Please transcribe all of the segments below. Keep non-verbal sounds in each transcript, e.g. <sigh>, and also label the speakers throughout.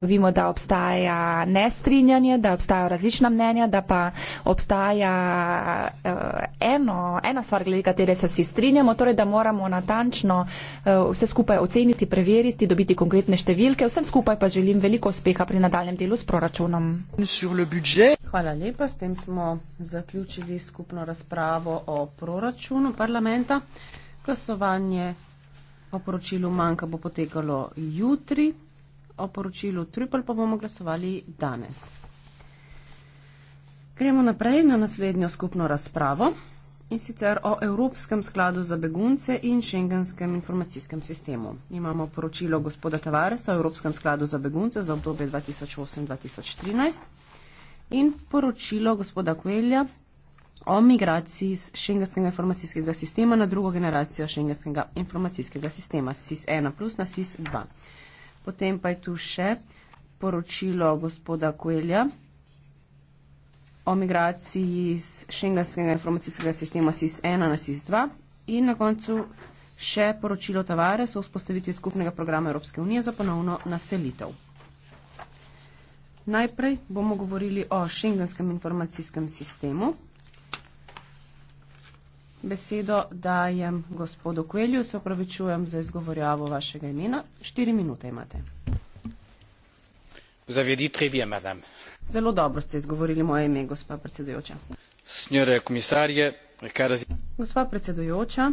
Speaker 1: Vemo, da obstaja nestrinjanje, da obstajajo različna mnenja, da pa obstaja uh, eno, ena stvar, glede katere se vsi strinjamo, torej da moramo natančno uh, vse skupaj oceniti, preveriti, dobiti konkretne številke. Vsem skupaj pa želim veliko uspeha pri nadaljem delu s proračunom.
Speaker 2: Hvala lepa. S tem smo zaključili skupno razpravo o proračunu parlamenta. Glasovanje o poročilu manjka bo potekalo jutri o poročilu Triple pa bomo glasovali danes. Gremo naprej na naslednjo skupno razpravo in sicer o Evropskem skladu za begunce in šengenskem informacijskem sistemu. Imamo poročilo gospoda Tavaresa o Evropskem skladu za begunce za obdobje 2008-2013 in poročilo gospoda Kuelja o migraciji z šengenskega informacijskega sistema na drugo generacijo šengenskega informacijskega sistema SIS-1 plus na SIS-2. Potem pa je tu še poročilo gospoda Kuelja o migraciji iz šengenskega informacijskega sistema SIS-1 na SIS-2 in na koncu še poročilo Tavares o vzpostavitvi skupnega programa Evropske unije za ponovno naselitev. Najprej bomo govorili o šengenskem informacijskem sistemu besedo dajem gospodu Kuelju, se opravičujem za izgovorjavo vašega imena. Štiri minute imate.
Speaker 3: Vous avez dit très bien, madame.
Speaker 2: Zelo dobro ste izgovorili moje ime, gospa predsedujoča.
Speaker 3: Signore commissarie, cara...
Speaker 2: Gospa predsedujoča,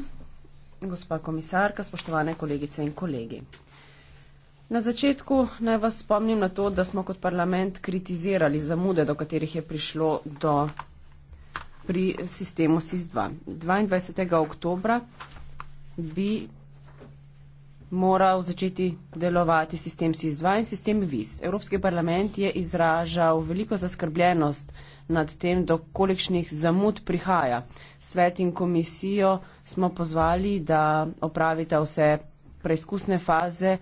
Speaker 2: gospa komisarka, spoštovane kolegice in kolegi. Na začetku naj vas spomnim na to, da smo kot parlament kritizirali zamude, do katerih je prišlo do pri sistemu SIS-2. 22. oktobra bi moral začeti delovati sistem SIS-2 in sistem VIS. Evropski parlament je izražal veliko zaskrbljenost nad tem, do kolikšnih zamud prihaja. Svet in komisijo smo pozvali, da opravita vse preizkusne faze,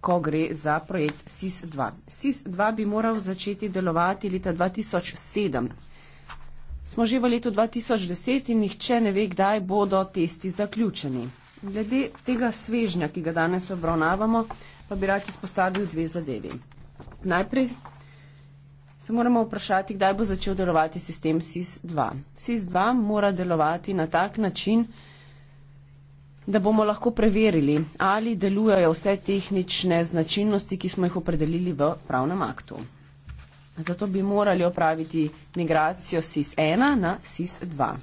Speaker 2: ko gre za projekt SIS-2. SIS-2 bi moral začeti delovati leta 2007 smo že v letu 2010 in nihče ne ve, kdaj bodo testi zaključeni. Glede tega svežnja, ki ga danes obravnavamo, pa bi rad izpostavil dve zadevi. Najprej se moramo vprašati, kdaj bo začel delovati sistem SIS-2. SIS-2 mora delovati na tak način, da bomo lahko preverili, ali delujejo vse tehnične značilnosti, ki smo jih opredelili v pravnem aktu. Zato bi morali opraviti migracijo SIS-1 na SIS-2.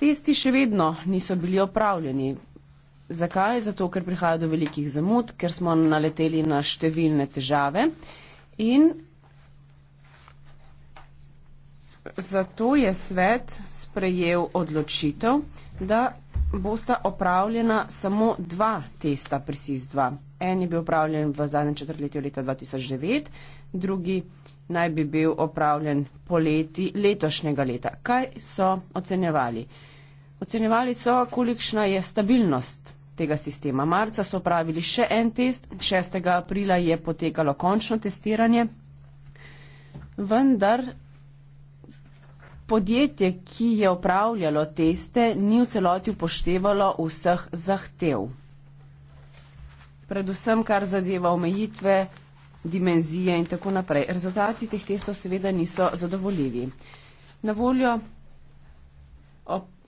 Speaker 2: Testi še vedno niso bili opravljeni. Zakaj? Zato, ker prihaja do velikih zamud, ker smo naleteli na številne težave in zato je svet sprejel odločitev, da bosta opravljena samo dva testa pri SIS-2. En je bil opravljen v zadnjem četrtletju leta 2009, drugi naj bi bil opravljen poleti letošnjega leta. Kaj so ocenjevali? Ocenjevali so, kolikšna je stabilnost tega sistema. Marca so opravili še en test, 6. aprila je potekalo končno testiranje, vendar podjetje, ki je upravljalo teste, ni v celoti upoštevalo vseh zahtev. Predvsem, kar zadeva omejitve, dimenzije in tako naprej. Rezultati teh testov seveda niso zadovoljivi. Na voljo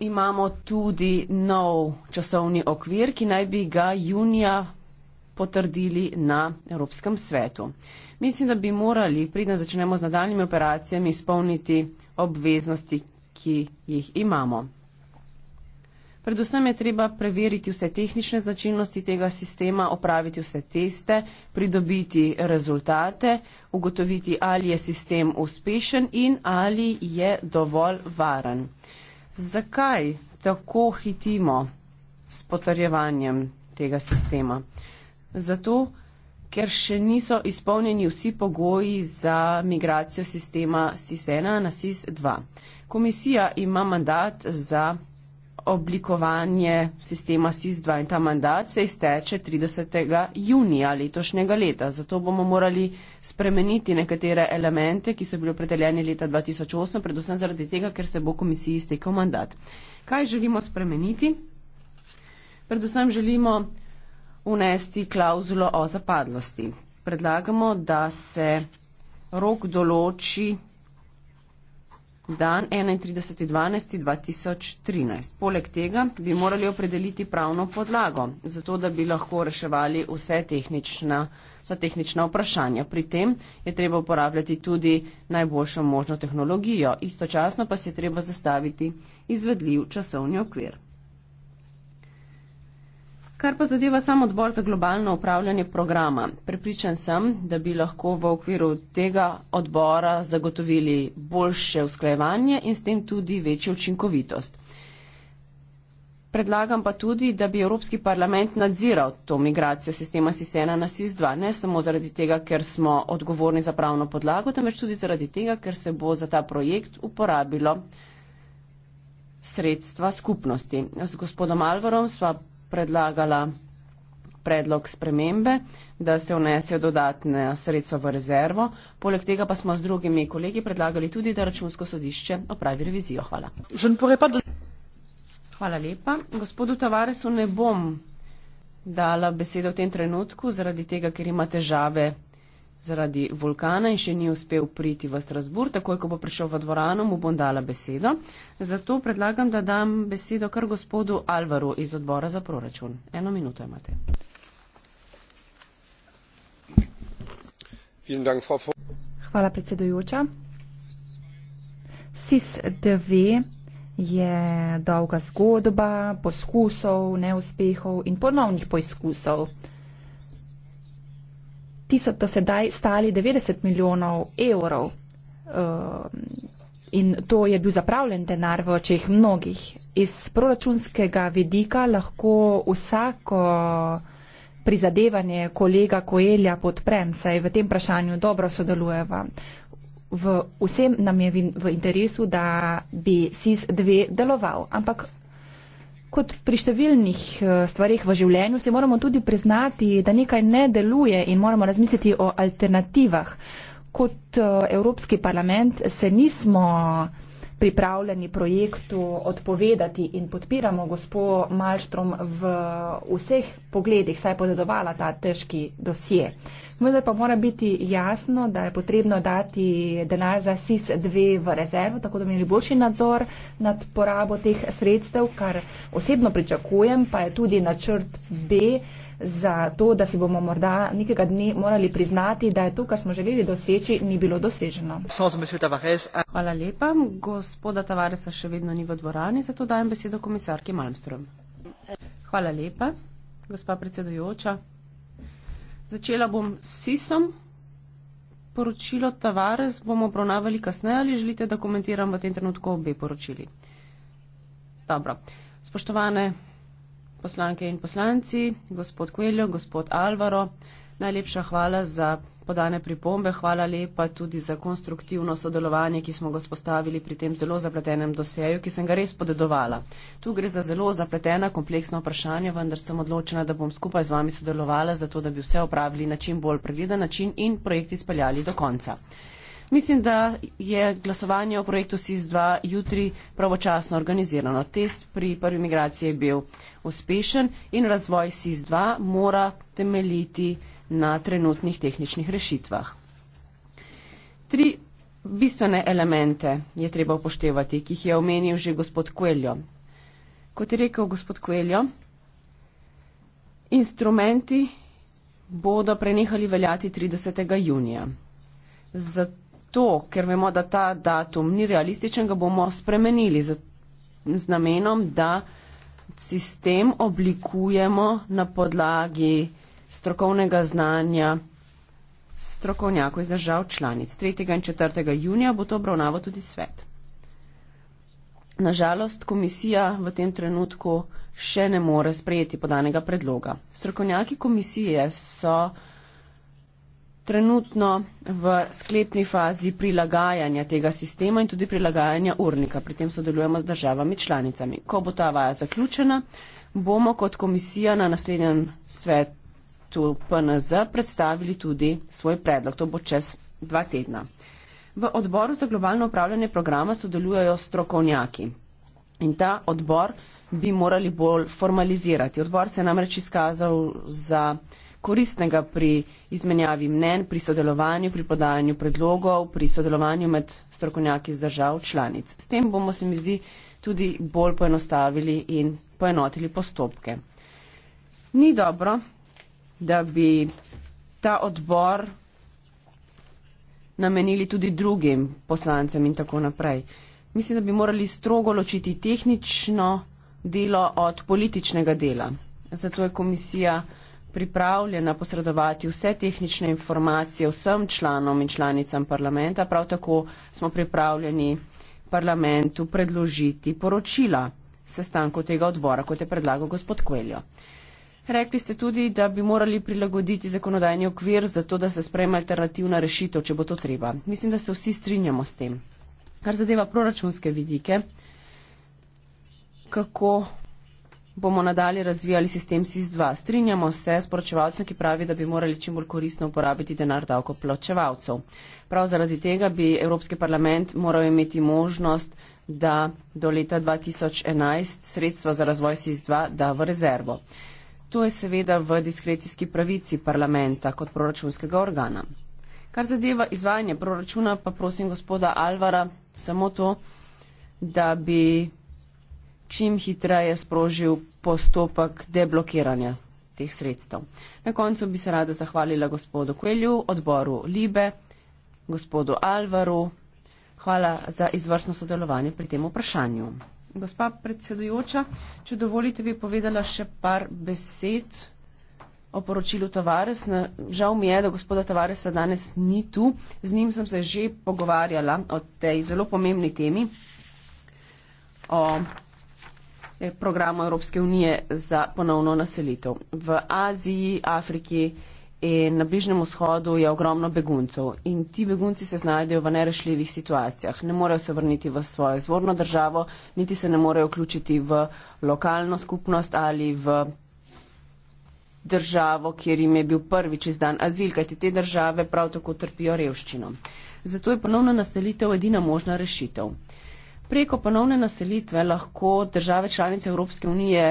Speaker 2: imamo tudi nov časovni okvir, ki naj bi ga junija potrdili na Evropskem svetu. Mislim, da bi morali, preden začnemo z nadaljnjimi operacijami, izpolniti obveznosti, ki jih imamo. Predvsem je treba preveriti vse tehnične značilnosti tega sistema, opraviti vse teste, pridobiti rezultate, ugotoviti, ali je sistem uspešen in ali je dovolj varen. Zakaj tako hitimo s potrjevanjem tega sistema? Zato, ker še niso izpolnjeni vsi pogoji za migracijo sistema SIS-1 na SIS-2. Komisija ima mandat za oblikovanje sistema SIS-2 in ta mandat se izteče 30. junija letošnjega leta. Zato bomo morali spremeniti nekatere elemente, ki so bili opredeljeni leta 2008, predvsem zaradi tega, ker se bo komisiji iztekel mandat. Kaj želimo spremeniti? Predvsem želimo unesti klauzulo o zapadlosti. Predlagamo, da se rok določi dan 31.12.2013. Poleg tega bi morali opredeliti pravno podlago, zato da bi lahko reševali vse tehnična, vsa tehnična vprašanja. Pri tem je treba uporabljati tudi najboljšo možno tehnologijo, istočasno pa se je treba zastaviti izvedljiv časovni okvir. Kar pa zadeva sam odbor za globalno upravljanje programa, pripričan sem, da bi lahko v okviru tega odbora zagotovili boljše usklajevanje in s tem tudi večjo učinkovitost. Predlagam pa tudi, da bi Evropski parlament nadziral to migracijo sistema SIS-1 na SIS-2, ne samo zaradi tega, ker smo odgovorni za pravno podlago, temveč tudi zaradi tega, ker se bo za ta projekt uporabilo sredstva skupnosti. S gospodom Alvarom sva predlagala predlog spremembe, da se vnesejo dodatne sredstva v rezervo. Poleg tega pa smo z drugimi kolegi predlagali tudi, da računsko sodišče opravi revizijo. Hvala. Hvala lepa. Gospodu Tavaresu ne bom dala besede v tem trenutku, zaradi tega, ker ima težave zaradi vulkana in še ni uspel priti v Strasbur. Takoj, ko bo prišel v dvorano, mu bom dala besedo. Zato predlagam, da dam besedo kar gospodu Alvaru iz odbora za proračun. Eno minuto imate. Hvala, predsedujoča.
Speaker 1: SIS-2 je dolga zgodba poskusov, neuspehov in ponovnih poizkusov ti so to sedaj stali 90 milijonov evrov eh, in to je bil zapravljen denar v očeh mnogih. Iz proračunskega vidika lahko vsako prizadevanje kolega Koelja podprem, saj v tem vprašanju dobro sodelujeva. V vsem nam je v interesu, da bi SIS 2 deloval, ampak kot pri številnih eh, stvarih v življenju, se moramo tudi priznati, da nekaj ne deluje in moramo razmisliti o alternativah. Kot eh, Evropski parlament se nismo pripravljeni projektu odpovedati in podpiramo gospod Malštrom v vseh pogledih, saj je podedovala ta težki dosje. Vendar pa mora biti jasno, da je potrebno dati denar za SIS-2 v rezervo, tako da bi imeli boljši nadzor nad porabo teh sredstev, kar osebno pričakujem, pa je tudi načrt B za to, da si bomo morda nekega dne morali priznati, da je to, kar smo želeli doseči, ni bilo doseženo.
Speaker 2: Hvala lepa. Gospoda Tavaresa še vedno ni v dvorani, zato dajem besedo komisarki Malmström. Hvala lepa, gospa predsedujoča. Začela bom s SIS-om. Poročilo Tavares bomo obravnavali kasneje ali želite, da komentiram v tem trenutku obe poročili. Dobro. Spoštovane poslanke in poslanci, gospod Kveljo, gospod Alvaro, najlepša hvala za podane pripombe, hvala lepa tudi za konstruktivno sodelovanje, ki smo ga spostavili pri tem zelo zapletenem doseju, ki sem ga res podedovala. Tu gre za zelo zapletena, kompleksna vprašanja, vendar sem odločena, da bom skupaj z vami sodelovala, zato da bi vse opravili na čim bolj previden način in projekt izpeljali do konca. Mislim, da je glasovanje o projektu SIS-2 jutri pravočasno organizirano. Test pri prvi migraciji je bil uspešen in razvoj SIS-2 mora temeljiti na trenutnih tehničnih rešitvah. Tri bistvene elemente je treba upoštevati, ki jih je omenil že gospod Kueljo. Kot je rekel gospod Kueljo, instrumenti bodo prenehali veljati 30. junija. Zato to, ker vemo, da ta datum ni realističen, ga bomo spremenili z, z namenom, da sistem oblikujemo na podlagi strokovnega znanja strokovnjakov iz držav članic. 3. in 4. junija bo to obravnaval tudi svet. Nažalost, komisija v tem trenutku še ne more sprejeti podanega predloga. Strokovnjaki komisije so trenutno v sklepni fazi prilagajanja tega sistema in tudi prilagajanja urnika. Pri tem sodelujemo z državami članicami. Ko bo ta vaja zaključena, bomo kot komisija na naslednjem svetu PNZ predstavili tudi svoj predlog. To bo čez dva tedna. V odboru za globalno upravljanje programa sodelujejo strokovnjaki in ta odbor bi morali bolj formalizirati. Odbor se je namreč izkazal za koristnega pri izmenjavi mnen, pri sodelovanju, pri podajanju predlogov, pri sodelovanju med strokovnjaki z držav članic. S tem bomo, se mi zdi, tudi bolj poenostavili in poenotili postopke. Ni dobro, da bi ta odbor namenili tudi drugim poslancem in tako naprej. Mislim, da bi morali strogo ločiti tehnično delo od političnega dela. Zato je komisija pripravljena posredovati vse tehnične informacije vsem članom in članicam parlamenta, prav tako smo pripravljeni parlamentu predložiti poročila sestanku tega odbora, kot je predlagal gospod Kveljo. Rekli ste tudi, da bi morali prilagoditi zakonodajni okvir za to, da se sprejme alternativna rešitev, če bo to treba. Mislim, da se vsi strinjamo s tem. Kar zadeva proračunske vidike, kako bomo nadalje razvijali sistem SIS-2. Strinjamo se s poročevalcem, ki pravi, da bi morali čim bolj koristno uporabiti denar davkoplačevalcev. Prav zaradi tega bi Evropski parlament moral imeti možnost, da do leta 2011 sredstva za razvoj SIS-2 da v rezervo. To je seveda v diskrecijski pravici parlamenta kot proračunskega organa. Kar zadeva izvajanje proračuna, pa prosim gospoda Alvara samo to, da bi čim hitreje sprožil postopek deblokiranja teh sredstev. Na koncu bi se rada zahvalila gospodu Kuelju, odboru Libe, gospodu Alvaru. Hvala za izvrstno sodelovanje pri tem vprašanju. Gospa predsedujoča, če dovolite, bi povedala še par besed o poročilu Tavares. Žal mi je, da gospoda Tavaresa danes ni tu. Z njim sem se že pogovarjala o tej zelo pomembni temi, o Eh, programu Evropske unije za ponovno naselitev. V Aziji, Afriki in na Bližnjem vzhodu je ogromno beguncev in ti begunci se znajdejo v nerešljivih situacijah. Ne morejo se vrniti v svojo zvorno državo, niti se ne morejo vključiti v lokalno skupnost ali v državo, kjer jim je bil prvič izdan azil, kajti te države prav tako trpijo revščino. Zato je ponovna naselitev edina možna rešitev preko ponovne naselitve lahko države članice Evropske unije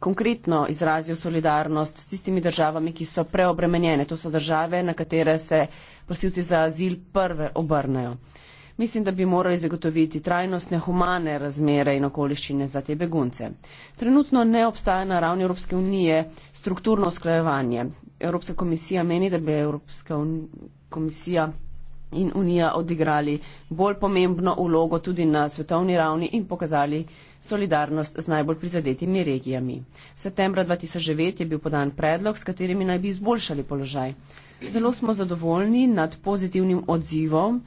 Speaker 2: konkretno izrazijo solidarnost s tistimi državami, ki so preobremenjene. To so države, na katere se prosilci za azil prve obrnejo. Mislim, da bi morali zagotoviti trajnostne, humane razmere in okoliščine za te begunce. Trenutno ne obstaja na ravni Evropske unije strukturno usklajevanje. Evropska komisija meni, da bi Evropska komisija in Unija odigrali bolj pomembno vlogo tudi na svetovni ravni in pokazali solidarnost z najbolj prizadetimi regijami. Septembra 2009 je bil podan predlog, s katerimi naj bi izboljšali položaj. Zelo smo zadovoljni nad pozitivnim odzivom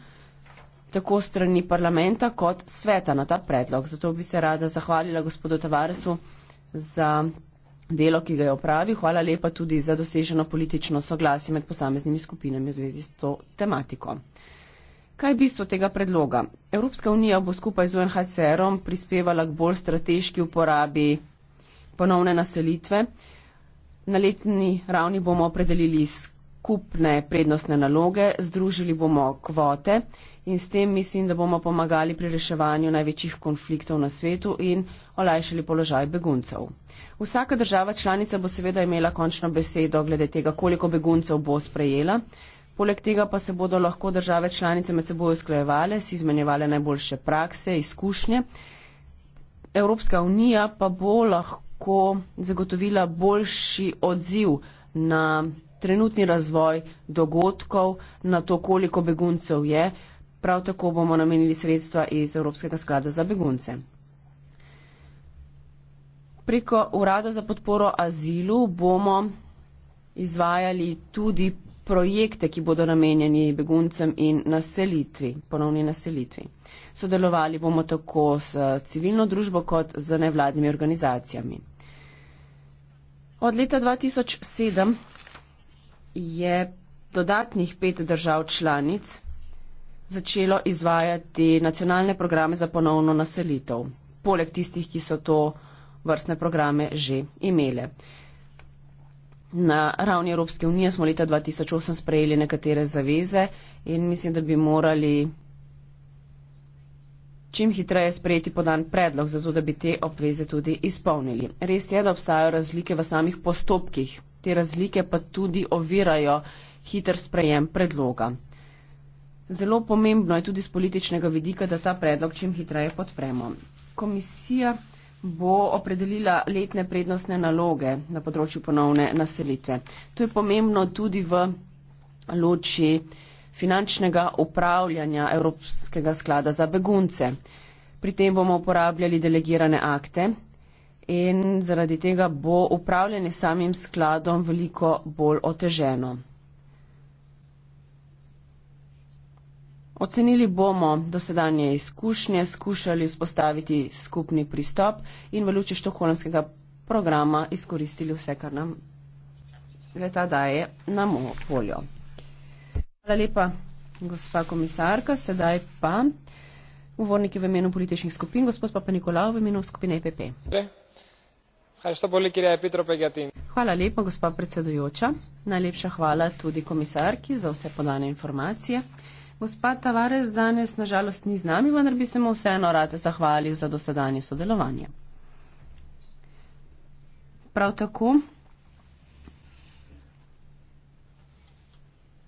Speaker 2: tako strani parlamenta kot sveta na ta predlog. Zato bi se rada zahvalila gospodu Tavaresu za delo, ki ga je opravil. Hvala lepa tudi za doseženo politično soglasje med posameznimi skupinami v zvezi s to tematiko. Kaj je bistvo tega predloga? Evropska unija bo skupaj z UNHCR-om prispevala k bolj strateški uporabi ponovne naselitve. Na letni ravni bomo opredelili skupne prednostne naloge, združili bomo kvote in s tem mislim, da bomo pomagali pri reševanju največjih konfliktov na svetu in olajšali položaj beguncev. Vsaka država članica bo seveda imela končno besedo glede tega, koliko beguncev bo sprejela. Poleg tega pa se bodo lahko države članice med seboj usklajevale, si izmenjevale najboljše prakse, izkušnje. Evropska unija pa bo lahko zagotovila boljši odziv na trenutni razvoj dogodkov, na to, koliko beguncev je, Prav tako bomo namenili sredstva iz Evropskega sklada za begunce. Preko Urada za podporo azilu bomo izvajali tudi projekte, ki bodo namenjeni beguncem in naselitvi, ponovni naselitvi. Sodelovali bomo tako s civilno družbo kot z nevladnimi organizacijami. Od leta 2007 je dodatnih pet držav članic začelo izvajati nacionalne programe za ponovno naselitev, poleg tistih, ki so to vrstne programe že imele. Na ravni Evropske unije smo leta 2008 sprejeli nekatere zaveze in mislim, da bi morali čim hitreje sprejeti podan predlog, zato da bi te obveze tudi izpolnili. Res je, da obstajajo razlike v samih postopkih, te razlike pa tudi ovirajo hiter sprejem predloga. Zelo pomembno je tudi z političnega vidika, da ta predlog čim hitreje podpremo. Komisija bo opredelila letne prednostne naloge na področju ponovne naselitve. To je pomembno tudi v loči finančnega upravljanja Evropskega sklada za begunce. Pri tem bomo uporabljali delegirane akte in zaradi tega bo upravljanje samim skladom veliko bolj oteženo. Ocenili bomo dosedanje izkušnje, skušali vzpostaviti skupni pristop in v luči štokholmskega programa izkoristili vse, kar nam leta daje na voljo. Hvala lepa, gospa komisarka. Sedaj pa govorniki v imenu političnih skupin, gospod Papa Nikolao v imenu skupine e EPP. Hvala lepa, gospa predsedujoča. Najlepša hvala tudi komisarki za vse podane informacije. Gospa Tavares danes nažalost ni z nami, vendar bi se mu vseeno rad zahvalil za dosedanje sodelovanje. Prav tako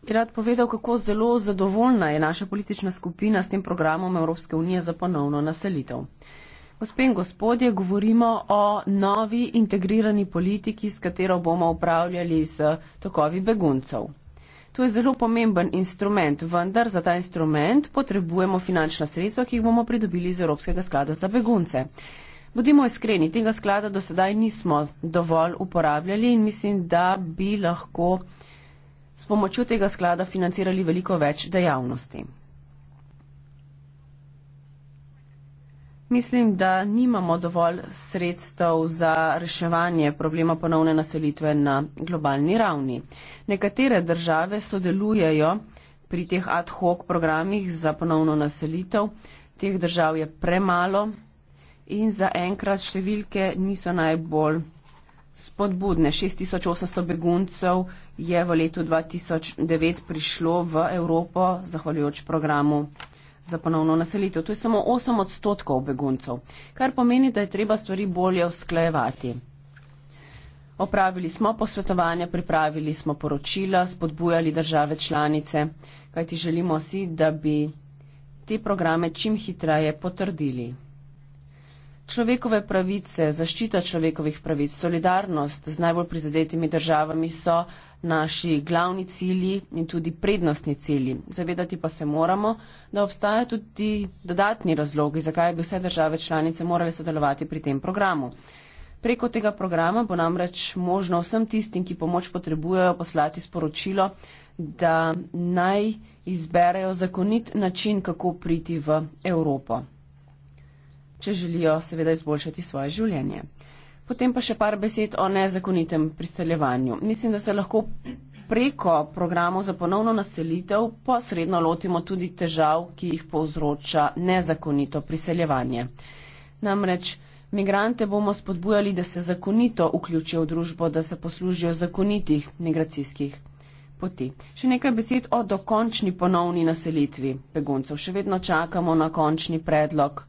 Speaker 2: bi rad povedal, kako zelo zadovoljna je naša politična skupina s tem programom Evropske unije za ponovno naselitev. Gospe in gospodje, govorimo o novi integrirani politiki, s katero bomo upravljali s tokovi beguncev. To je zelo pomemben instrument, vendar za ta instrument potrebujemo finančna sredstva, ki jih bomo pridobili iz Evropskega sklada za begunce. Bodimo iskreni, tega sklada do sedaj nismo dovolj uporabljali in mislim, da bi lahko s pomočjo tega sklada financirali veliko več dejavnosti. Mislim, da nimamo dovolj sredstev za reševanje problema ponovne naselitve na globalni ravni. Nekatere države sodelujejo pri teh ad hoc programih za ponovno naselitev, teh držav je premalo in zaenkrat številke niso najbolj spodbudne. 6800 beguncev je v letu 2009 prišlo v Evropo zahvaljujoč programu za ponovno naselitev. To je samo 8 odstotkov beguncev, kar pomeni, da je treba stvari bolje usklajevati. Opravili smo posvetovanja, pripravili smo poročila, spodbujali države članice, kajti želimo si, da bi te programe čim hitreje potrdili. Človekove pravice, zaščita človekovih pravic, solidarnost z najbolj prizadetimi državami so naši glavni cilji in tudi prednostni cilji. Zavedati pa se moramo, da obstaja tudi dodatni razlogi, zakaj bi vse države članice morale sodelovati pri tem programu. Preko tega programa bo namreč možno vsem tistim, ki pomoč potrebujejo, poslati sporočilo, da naj izberejo zakonit način, kako priti v Evropo če želijo seveda izboljšati svoje življenje. Potem pa še par besed o nezakonitem priseljevanju. Mislim, da se lahko preko programov za ponovno naselitev posredno lotimo tudi težav, ki jih povzroča nezakonito priseljevanje. Namreč migrante bomo spodbujali, da se zakonito vključijo v družbo, da se poslužijo zakonitih migracijskih. Poti. Še nekaj besed o dokončni ponovni naselitvi beguncev. Še vedno čakamo na končni predlog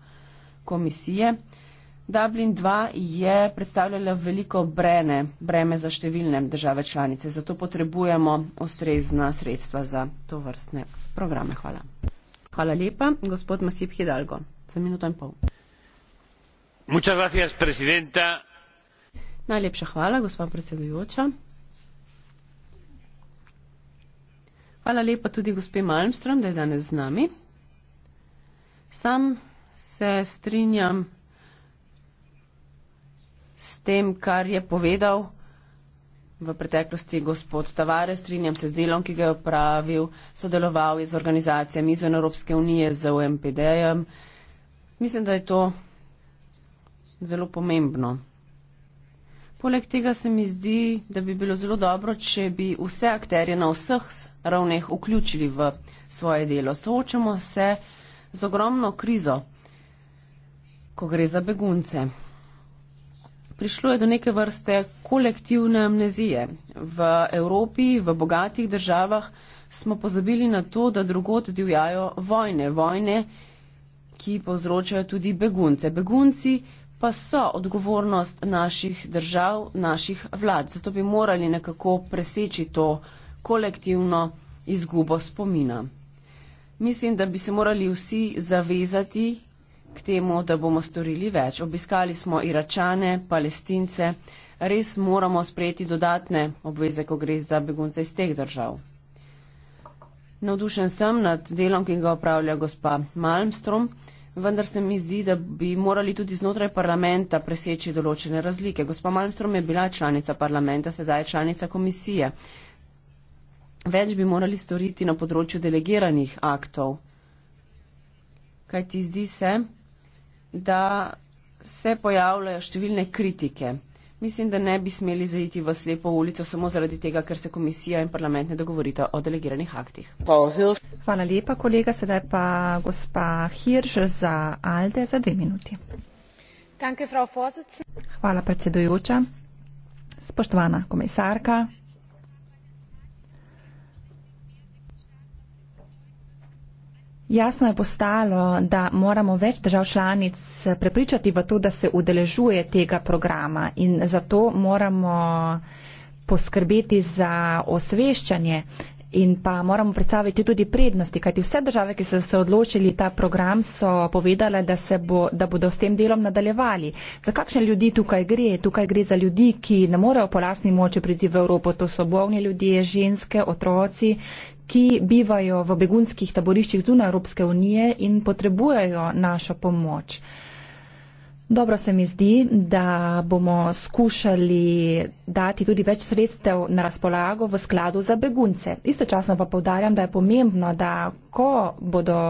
Speaker 2: komisije. Dublin 2 je predstavljala veliko breme, breme za številne države članice, zato potrebujemo ustrezna sredstva za to vrstne programe. Hvala. Hvala lepa, gospod Masip Hidalgo. Za minuto in pol. Gracias, Najlepša hvala, gospa predsedujoča. Hvala lepa tudi gospe Malmström, da je danes z nami. Sam se strinjam s tem, kar je povedal v preteklosti gospod Tavare, strinjam se z delom, ki ga je opravil, sodeloval je z organizacijami izven Evropske unije, z OMPD-jem. Mislim, da je to zelo pomembno. Poleg tega se mi zdi, da bi bilo zelo dobro, če bi vse akterje na vseh ravneh vključili v svoje delo. Soočamo se z ogromno krizo ko gre za begunce. Prišlo je do neke vrste kolektivne amnezije. V Evropi, v bogatih državah smo pozabili na to, da drugot divjajo vojne. Vojne, ki povzročajo tudi begunce. Begunci pa so odgovornost naših držav, naših vlad. Zato bi morali nekako preseči to kolektivno izgubo spomina. Mislim, da bi se morali vsi zavezati k temu, da bomo storili več. Obiskali smo Iračane, Palestince, res moramo sprejeti dodatne obveze, ko gre za begunce iz teh držav. Navdušen sem nad delom, ki ga opravlja gospa Malmstrom, vendar se mi zdi, da bi morali tudi znotraj parlamenta preseči določene razlike. Gospa Malmstrom je bila članica parlamenta, sedaj je članica komisije. Več bi morali storiti na področju delegiranih aktov. Kaj ti zdi se, da se pojavljajo številne kritike. Mislim, da ne bi smeli zaiti v slepo ulico samo zaradi tega, ker se komisija in parlament ne dogovorita o delegiranih aktih. Hvala
Speaker 1: lepa, kolega. Sedaj pa gospa Hirš za Alde za dve minuti. Hvala, predsedujoča. Spoštovana komisarka, Jasno je postalo, da moramo več držav članic prepričati v to, da se udeležuje tega programa in zato moramo poskrbeti za osveščanje in pa moramo predstaviti tudi prednosti, kajti vse države, ki so se odločili ta program, so povedale, da, bo, da bodo s tem delom nadaljevali. Za kakšne ljudi tukaj gre? Tukaj gre za ljudi, ki ne morejo po lastni moči priti v Evropo. To so bovni ljudje, ženske, otroci, ki bivajo v begunskih taboriščih zunaj Evropske unije in potrebujejo našo pomoč. Dobro se mi zdi, da bomo skušali dati tudi več sredstev na razpolago v skladu za begunce. Istočasno pa povdarjam, da je pomembno, da ko bodo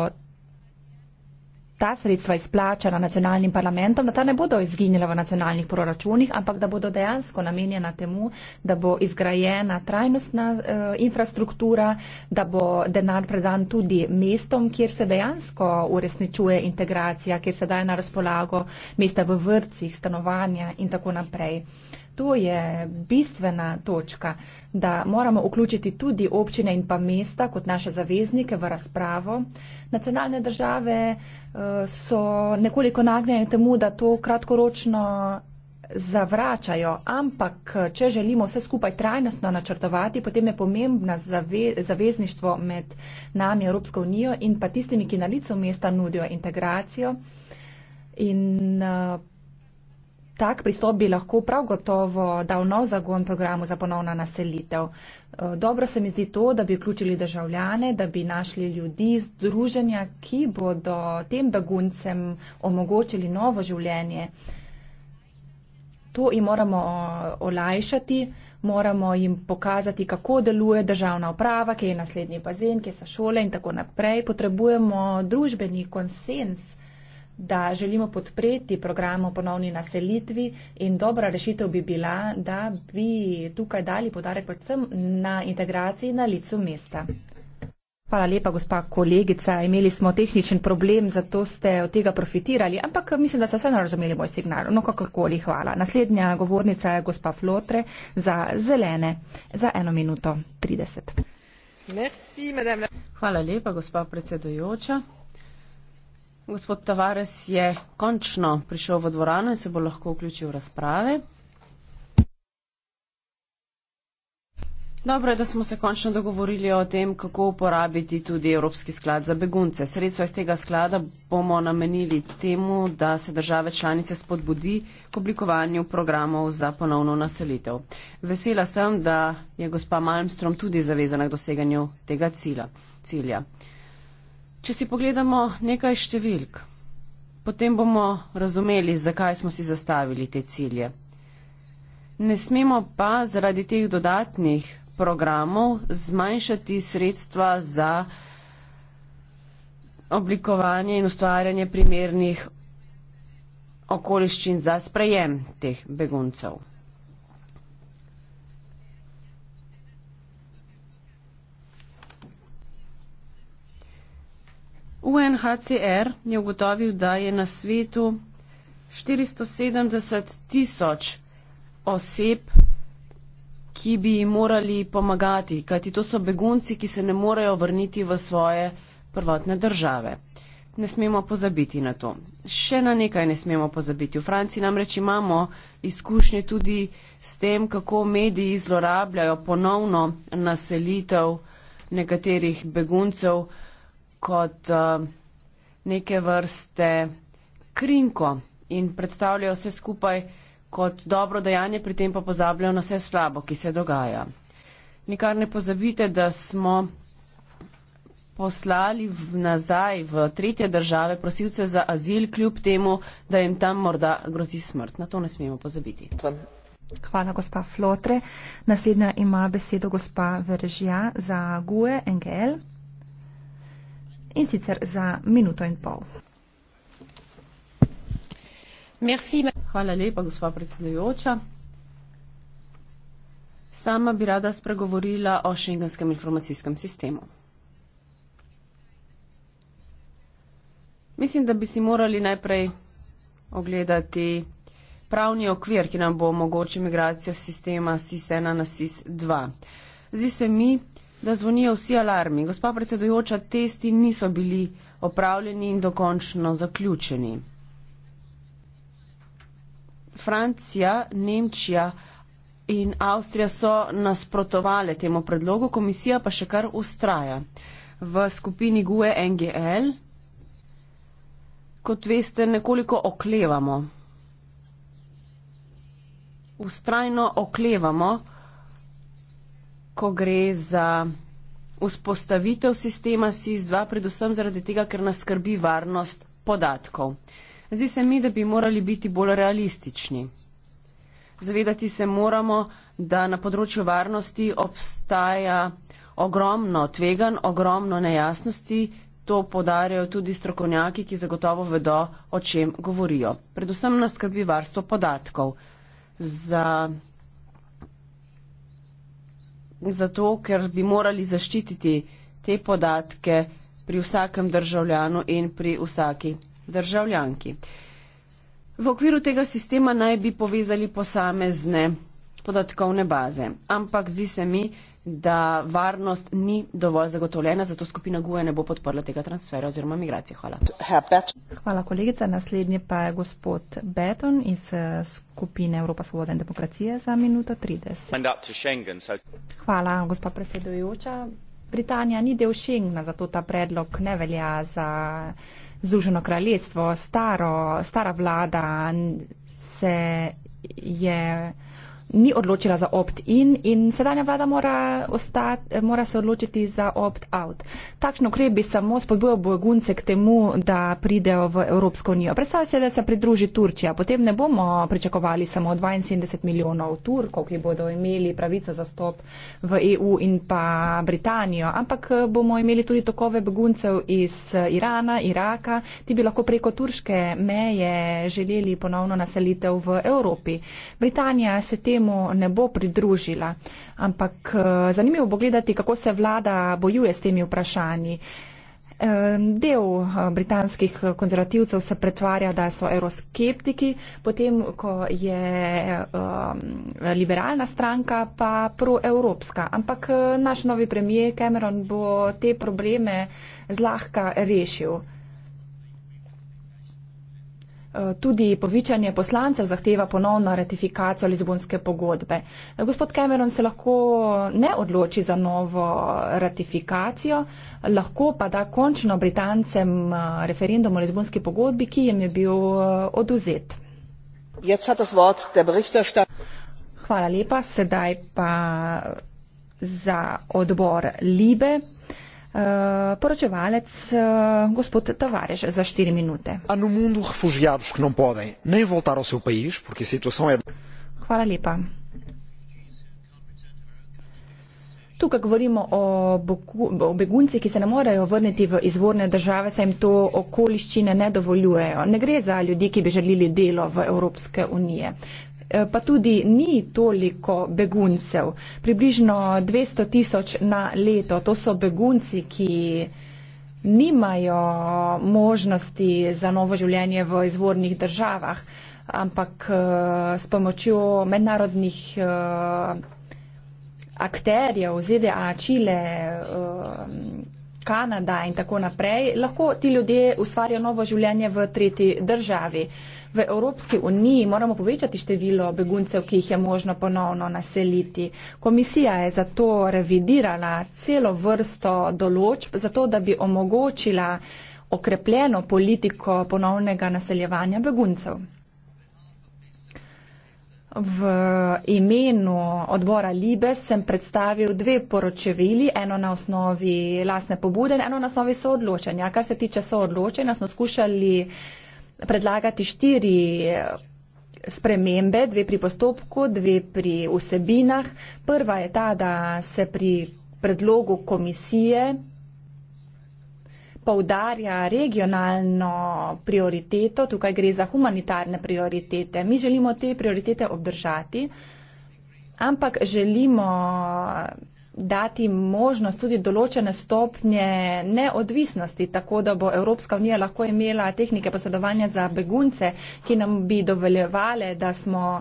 Speaker 1: ta sredstva izplačana nacionalnim parlamentom, da ta ne bodo izginjala v nacionalnih proračunih, ampak da bodo dejansko namenjena temu, da bo izgrajena trajnostna uh, infrastruktura, da bo denar predan tudi mestom, kjer se dejansko uresničuje integracija, kjer se daje na razpolago mesta v vrtcih, stanovanja in tako naprej. Uh, to je bistvena točka, da moramo vključiti tudi občine in pa mesta kot naše zaveznike v razpravo. Nacionalne države eh, so nekoliko nagnjene temu, da to kratkoročno zavračajo, ampak če želimo vse skupaj trajnostno načrtovati, potem je pomembna zave, zavezništvo med nami, Evropsko unijo in pa tistimi, ki na licu mesta nudijo integracijo. In uh, Tak pristop bi lahko prav gotovo dal nov zagon programu za ponovno naselitev. E, dobro se mi zdi to, da bi vključili državljane, da bi našli ljudi, združenja, ki bodo tem beguncem omogočili novo življenje. To jim moramo e, olajšati, moramo jim pokazati, kako deluje državna uprava, kje je naslednji bazen, kje so šole in tako naprej. Potrebujemo družbeni konsens da želimo podpreti program o ponovni naselitvi in dobra rešitev bi bila, da bi tukaj dali podarek predvsem na integraciji na licu mesta. Hvala lepa, gospa kolegica. Imeli smo tehničen problem, zato ste od tega profitirali, ampak mislim, da ste vseeno razumeli moj signal. No, kakorkoli, hvala. Naslednja govornica je gospa Flotre za zelene za eno minuto 30.
Speaker 3: Merci,
Speaker 2: madame. Hvala lepa, gospa predsedujoča. Gospod Tavares je končno prišel v dvorano in se bo lahko vključil v razprave. Dobro je, da smo se končno dogovorili o tem, kako uporabiti tudi Evropski sklad za begunce. Sredstva iz tega sklada bomo namenili temu, da se države članice spodbudi k oblikovanju programov za ponovno naselitev. Vesela sem, da je gospa Malmstrom tudi zavezana k doseganju tega cilja. Če si pogledamo nekaj številk, potem bomo razumeli, zakaj smo si zastavili te cilje. Ne smemo pa zaradi teh dodatnih programov zmanjšati sredstva za oblikovanje in ustvarjanje primernih okoliščin za sprejem teh beguncev. UNHCR je ugotovil, da je na svetu 470 tisoč oseb, ki bi jim morali pomagati, kajti to so begunci, ki se ne morejo vrniti v svoje prvotne države. Ne smemo pozabiti na to. Še na nekaj ne smemo pozabiti. V Franciji namreč imamo izkušnje tudi s tem, kako mediji zlorabljajo ponovno naselitev nekaterih beguncev kot eh, neke vrste krinko in predstavljajo vse skupaj kot dobro dejanje, pri tem pa pozabljajo na vse slabo, ki se dogaja. Nikar ne pozabite, da smo poslali nazaj v tretje države prosilce za azil, kljub temu, da jim tam morda grozi smrt. Na to ne smemo pozabiti. Hvala,
Speaker 1: gospa Flotre. Naslednja ima besedo gospa Veržja za GUE NGL in sicer za minuto in pol.
Speaker 2: Hvala lepa, gospa predsedujoča. Sama bi rada spregovorila o šengenskem informacijskem sistemu. Mislim, da bi si morali najprej ogledati pravni okvir, ki nam bo omogočil migracijo sistema SIS-1 na SIS-2. Zdi se mi, da zvonijo vsi alarmi. Gospa predsedujoča, testi niso bili opravljeni in dokončno zaključeni. Francija, Nemčija in Avstrija so nasprotovale temu predlogu, komisija pa še kar ustraja. V skupini GUE NGL, kot veste, nekoliko oklevamo. Ustrajno oklevamo ko gre za vzpostavitev sistema SIS-2, predvsem zaradi tega, ker nas skrbi varnost podatkov. Zdi se mi, da bi morali biti bolj realistični. Zavedati se moramo, da na področju varnosti obstaja ogromno tvegan, ogromno nejasnosti, to podarjajo tudi strokovnjaki, ki zagotovo vedo, o čem govorijo. Predvsem nas skrbi varstvo podatkov. Za zato, ker bi morali zaščititi te podatke pri vsakem državljanu in pri vsaki državljanki. V okviru tega sistema naj bi povezali posamezne podatkovne baze, ampak zdi se mi, da varnost ni dovolj zagotovljena, zato skupina GUE ne bo podprla tega transfera oziroma migracije. Hvala.
Speaker 1: Hvala, kolegica. Naslednji pa je gospod Beton iz eh, skupine Evropa svoboda in demokracije za minuto 30.
Speaker 3: Schengen, so...
Speaker 1: Hvala, gospod predsedujoča. Britanija ni del Schengna, zato ta predlog ne velja za Združeno kraljestvo. Staro, stara vlada se je ni odločila za opt-in in sedanja vlada mora, ostati, mora se odločiti za opt-out. Takšen ukrep bi samo spodbujal begunce k temu, da pridejo v Evropsko unijo. Predstavljajte si, da se pridruži Turčija, potem ne bomo pričakovali samo 72 milijonov Turkov, ki bodo imeli pravico za stop v EU in pa Britanijo, ampak eh, bomo imeli tudi tokove beguncev iz eh, Irana, Iraka, ti bi lahko preko turške meje želeli ponovno naselitev v Evropi. Britanija se tem temu ne bo pridružila. Ampak eh, zanimivo bo gledati, kako se vlada bojuje s temi vprašanji. Del eh, britanskih konzervativcev se pretvarja, da so euroskeptiki, potem, ko je um, liberalna stranka pa proevropska. Ampak eh, naš novi premijer Cameron bo te probleme zlahka rešil. Eh, tudi povičanje poslancev zahteva ponovno ratifikacijo Lizbonske pogodbe. Eh, gospod Cameron se lahko ne odloči za novo ratifikacijo, lahko pa da končno Britancem eh, referendum o Lizbonski pogodbi, ki jim je bil oduzet. Hvala lepa, sedaj pa za odbor Libe. Eh, poročevalec eh, gospod Tavares za 4 minute. A no mundo
Speaker 3: refugiados que não podem nem voltar ao seu país porque a situação é
Speaker 1: Hvala lepa. Tukaj govorimo o, o beguncih, ki se ne morejo vrniti v izvorne države, saj jim to okoliščine ne dovoljujejo. Ne gre za ljudi, ki bi želili delo v Evropske unije. Eh, pa tudi ni toliko beguncev. Približno 200 tisoč na leto. To so begunci, ki nimajo možnosti za novo življenje v izvornih državah, ampak eh, s pomočjo mednarodnih eh, akterjev ZDA, Čile, Kanada in tako naprej, lahko ti ljudje ustvarjajo novo življenje v tretji državi. V Evropski uniji moramo povečati število beguncev, ki jih je možno ponovno naseliti. Komisija je zato revidirala celo vrsto določb, zato da bi omogočila okrepljeno politiko ponovnega naseljevanja beguncev v imenu odbora Libes sem predstavil dve poročevili, eno na osnovi lasne pobude in eno na osnovi soodločanja. Kar se tiče soodločanja, smo skušali predlagati štiri spremembe, dve pri postopku, dve pri vsebinah. Prva je ta, da se pri predlogu komisije poudarja regionalno prioriteto, tukaj gre za humanitarne prioritete. Mi želimo te prioritete obdržati, ampak želimo dati možnost tudi določene stopnje neodvisnosti, tako da bo Evropska unija lahko imela tehnike posedovanja za begunce, ki nam bi dovoljevale, da smo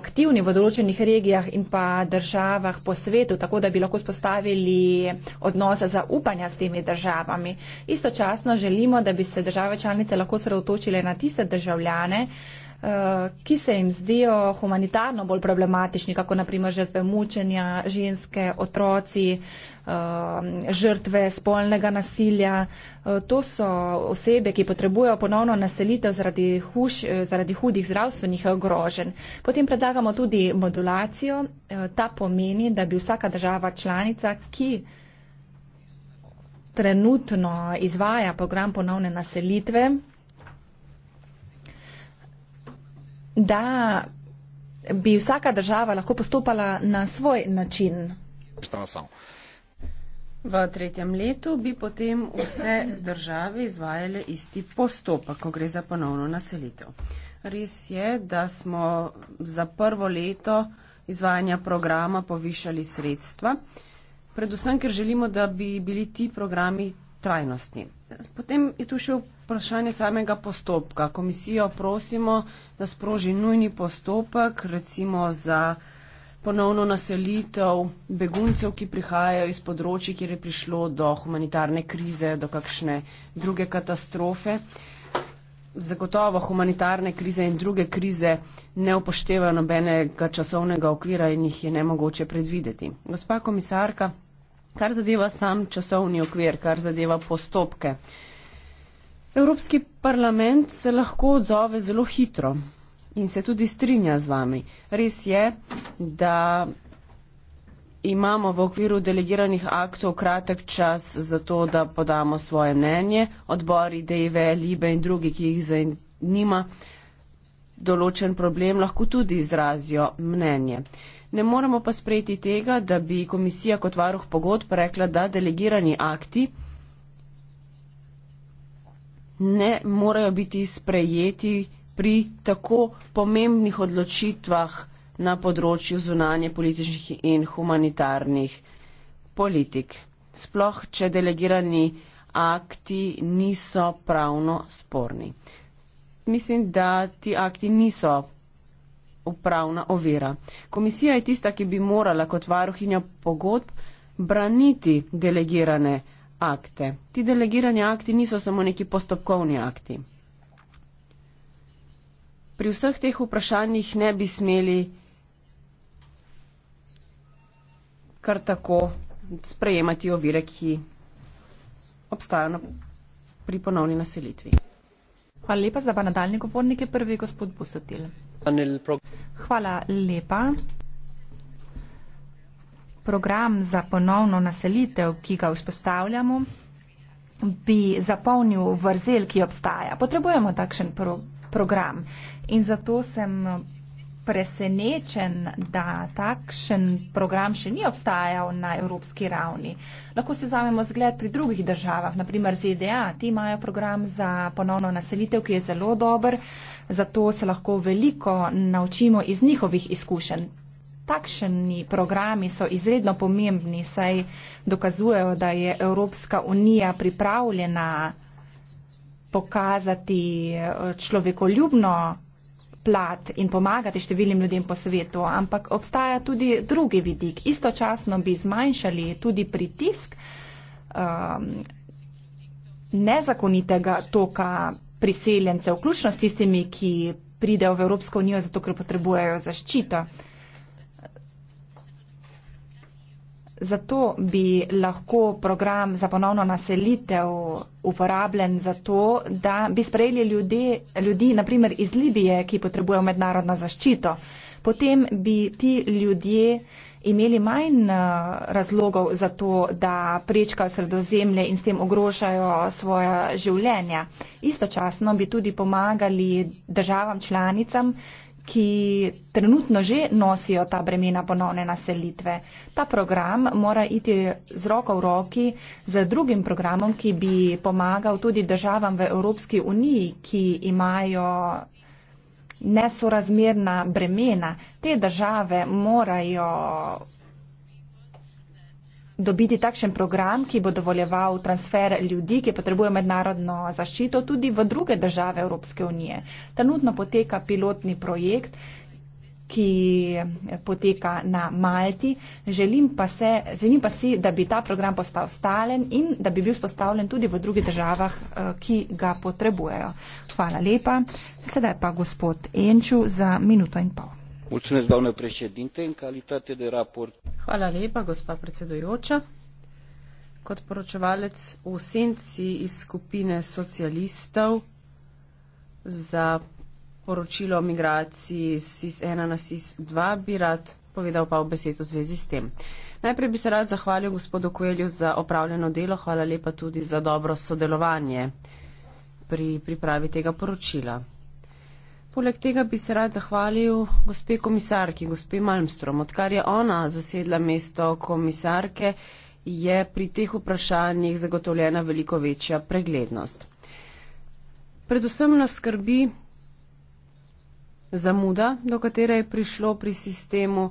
Speaker 1: aktivni v določenih regijah in pa državah po svetu, tako da bi lahko spostavili odnose za upanja s temi državami. Istočasno želimo, da bi se države članice lahko sredotočile na tiste državljane, Eh, ki se jim zdijo humanitarno bolj problematični, kako naprimer žrtve mučenja, ženske, otroci, eh, žrtve spolnega nasilja. Eh, to so osebe, ki potrebujejo ponovno naselitev zaradi, huš, zaradi hudih zdravstvenih groženj. Potem predlagamo tudi modulacijo. Ta pomeni, da bi vsaka država članica, ki trenutno izvaja program ponovne naselitve, da bi vsaka država lahko postopala na svoj način.
Speaker 2: V tretjem letu bi potem vse države izvajale isti postopek, ko gre za ponovno naselitev. Res je, da smo za prvo leto izvajanja programa povišali sredstva, predvsem ker želimo, da bi bili ti programi trajnostni. Potem je tu še vprašanje samega postopka. Komisijo prosimo, da sproži nujni postopek, recimo za ponovno naselitev beguncev, ki prihajajo iz področji, kjer je prišlo do humanitarne krize, do kakšne druge katastrofe. Zagotovo humanitarne krize in druge krize ne upoštevajo nobenega časovnega okvira in jih je nemogoče predvideti. Gospa komisarka, kar zadeva sam časovni okvir, kar zadeva postopke. Evropski parlament se lahko odzove zelo hitro in se tudi strinja z vami. Res je, da imamo v okviru delegiranih aktov kratek čas za to, da podamo svoje mnenje. Odbori DV, e Libe in drugi, ki jih zanima določen problem, lahko tudi izrazijo mnenje. Ne moremo pa sprejeti tega, da bi komisija kot varuh pogodb rekla, da delegirani akti ne morejo biti sprejeti pri tako pomembnih odločitvah na področju zunanje političnih in humanitarnih politik. Sploh, če delegirani akti niso pravno sporni. Mislim, da ti akti niso upravna ovira. Komisija je tista, ki bi morala kot varuhinja pogodb braniti delegirane akte. Ti delegirani akti niso samo neki postopkovni akti. Pri vseh teh vprašanjih ne bi smeli kar tako sprejemati ovire, ki obstajajo pri ponovni naselitvi. Hvala lepa za nadaljne
Speaker 1: govornike. Prvi je gospod Busotil.
Speaker 2: Hvala
Speaker 1: lepa. Program za ponovno naselitev, ki ga vzpostavljamo, bi zapolnil vrzel, ki obstaja. Potrebujemo takšen pro program. In zato sem presenečen, da takšen program še ni obstajal na evropski ravni. Lahko si vzamemo zgled pri drugih državah, naprimer ZDA. Ti imajo program za ponovno naselitev, ki je zelo dober, zato se lahko veliko naučimo iz njihovih izkušenj. Takšni programi so izredno pomembni, saj dokazujejo, da je Evropska unija pripravljena pokazati eh, človekoljubno plat in pomagati številnim ljudem po svetu, ampak obstaja tudi drugi vidik. Istočasno bi zmanjšali tudi pritisk um, nezakonitega toka priseljencev, vključno s tistimi, ki pridejo v Evropsko unijo zato, ker potrebujejo zaščito. Zato bi lahko program za ponovno naselitev uporabljen za to, da bi sprejeli ljudi, ljudi naprimer iz Libije, ki potrebujejo mednarodno zaščito. Potem bi ti ljudje imeli manj eh, razlogov za to, da prečkajo sredozemlje in s tem ogrožajo svoje življenja. Istočasno bi tudi pomagali državam članicam, ki trenutno že nosijo ta bremena ponovne naselitve. Ta program mora iti z roko v roki z drugim programom, ki bi pomagal tudi državam v Evropski uniji, ki imajo nesorazmerna bremena. Te države morajo dobiti takšen program, ki bo dovoljeval transfer ljudi, ki potrebujejo mednarodno zaščito, tudi v druge države Evropske unije. Trenutno poteka pilotni projekt, ki poteka na Malti. Želim pa, se, želim pa si, da bi ta program postal stalen in da bi bil spostavljen tudi v drugih državah, eh, ki ga potrebujejo. Hvala lepa. Sedaj pa gospod Enču za minuto in pol.
Speaker 2: Hvala lepa, gospa predsedujoča. Kot
Speaker 3: poročevalec
Speaker 2: v senci iz skupine socialistov za poročilo o migraciji SIS-1 na SIS-2 bi rad povedal pa v besedu v zvezi s tem. Najprej bi se rad zahvalil gospodu Kuelju za opravljeno delo, hvala lepa tudi za dobro sodelovanje pri pripravi tega poročila. Poleg tega bi se rad zahvalil gospe komisarki, gospe Malmstrom. Odkar je ona zasedla mesto komisarke, je pri teh vprašanjih zagotovljena veliko večja preglednost. Predvsem nas skrbi zamuda, do katere je prišlo pri sistemu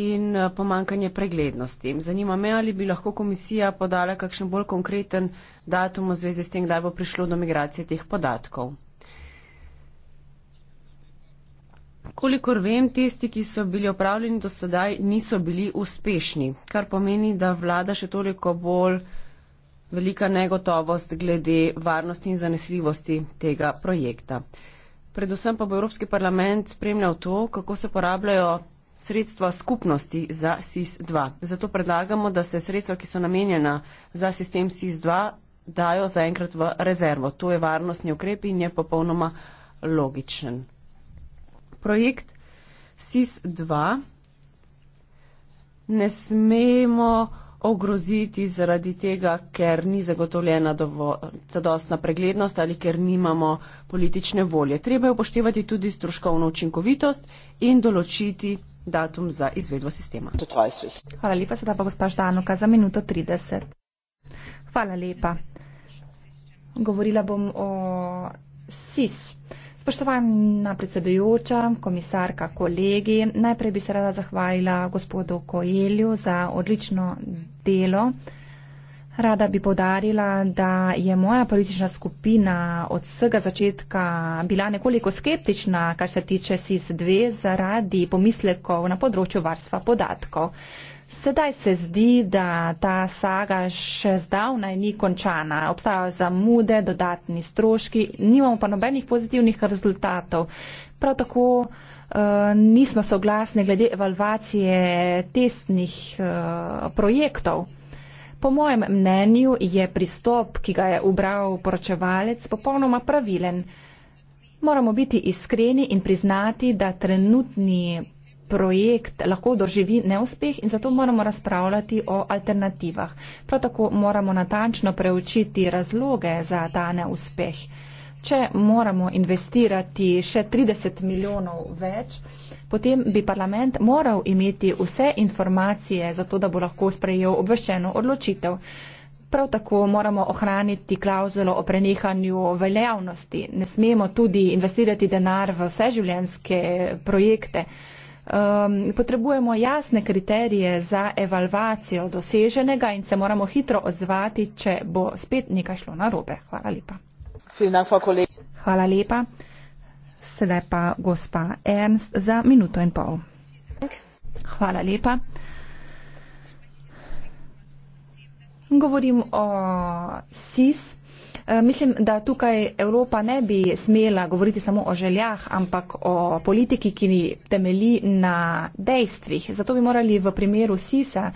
Speaker 2: in eh, pomankanje preglednosti. Zanima me, ali bi lahko komisija podala kakšen bolj konkreten datum v zvezi s tem, kdaj bo prišlo do migracije teh podatkov. Kolikor vem, testi, ki so bili opravljeni do sedaj, niso bili uspešni, kar pomeni, da vlada še toliko bolj velika negotovost glede varnosti in zanesljivosti tega projekta. Predvsem pa bo Evropski parlament spremljal to, kako se porabljajo sredstva skupnosti za SIS-2. Zato predlagamo, da se sredstva, ki so namenjena za sistem SIS-2, dajo zaenkrat v rezervo. To je varnostni ukrep in je popolnoma logičen projekt SIS-2 ne smemo ogroziti zaradi tega, ker ni zagotovljena zadostna preglednost ali ker nimamo politične volje. Treba je upoštevati tudi stroškovno učinkovitost in določiti datum za izvedbo sistema.
Speaker 1: Hvala lepa, sedaj pa gospa Ždanoka za minuto 30. Hvala lepa. Govorila bom o SIS. -u. Spoštovana predsedujoča, komisarka, kolegi, najprej bi se rada zahvalila gospodu Koelju za odlično delo. Rada bi povdarila, da je moja politična skupina od vsega začetka bila nekoliko skeptična, kar se tiče SIS-2, zaradi pomislekov na področju varstva podatkov. Sedaj se zdi, da ta saga še zdavnaj ni končana. Obstajajo zamude, dodatni stroški, nimamo pa nobenih pozitivnih rezultatov. Prav tako eh, nismo soglasni glede evalvacije testnih eh, projektov. Po mojem mnenju je pristop, ki ga je ubral poročevalec, popolnoma pravilen. Moramo biti iskreni in priznati, da trenutni projekt lahko doživi neuspeh in zato moramo razpravljati o alternativah. Prav tako moramo natančno preučiti razloge za ta neuspeh. Če moramo investirati še 30 milijonov več, potem bi parlament moral imeti vse informacije za to, da bo lahko sprejel obveščeno odločitev. Prav tako moramo ohraniti klauzulo o prenehanju veljavnosti. Ne smemo tudi investirati denar v vseživljenske projekte. Um, potrebujemo jasne kriterije za evalvacijo doseženega in se moramo hitro odzvati, če bo spet nekaj šlo na robe. Hvala lepa. Hvala lepa. Slepa gospa Ernst za minuto in pol. Hvala lepa. Govorim o SISP. Eh, mislim, da tukaj Evropa ne bi smela govoriti samo o željah, ampak o politiki, ki temeli na dejstvih. Zato bi morali v primeru Sisa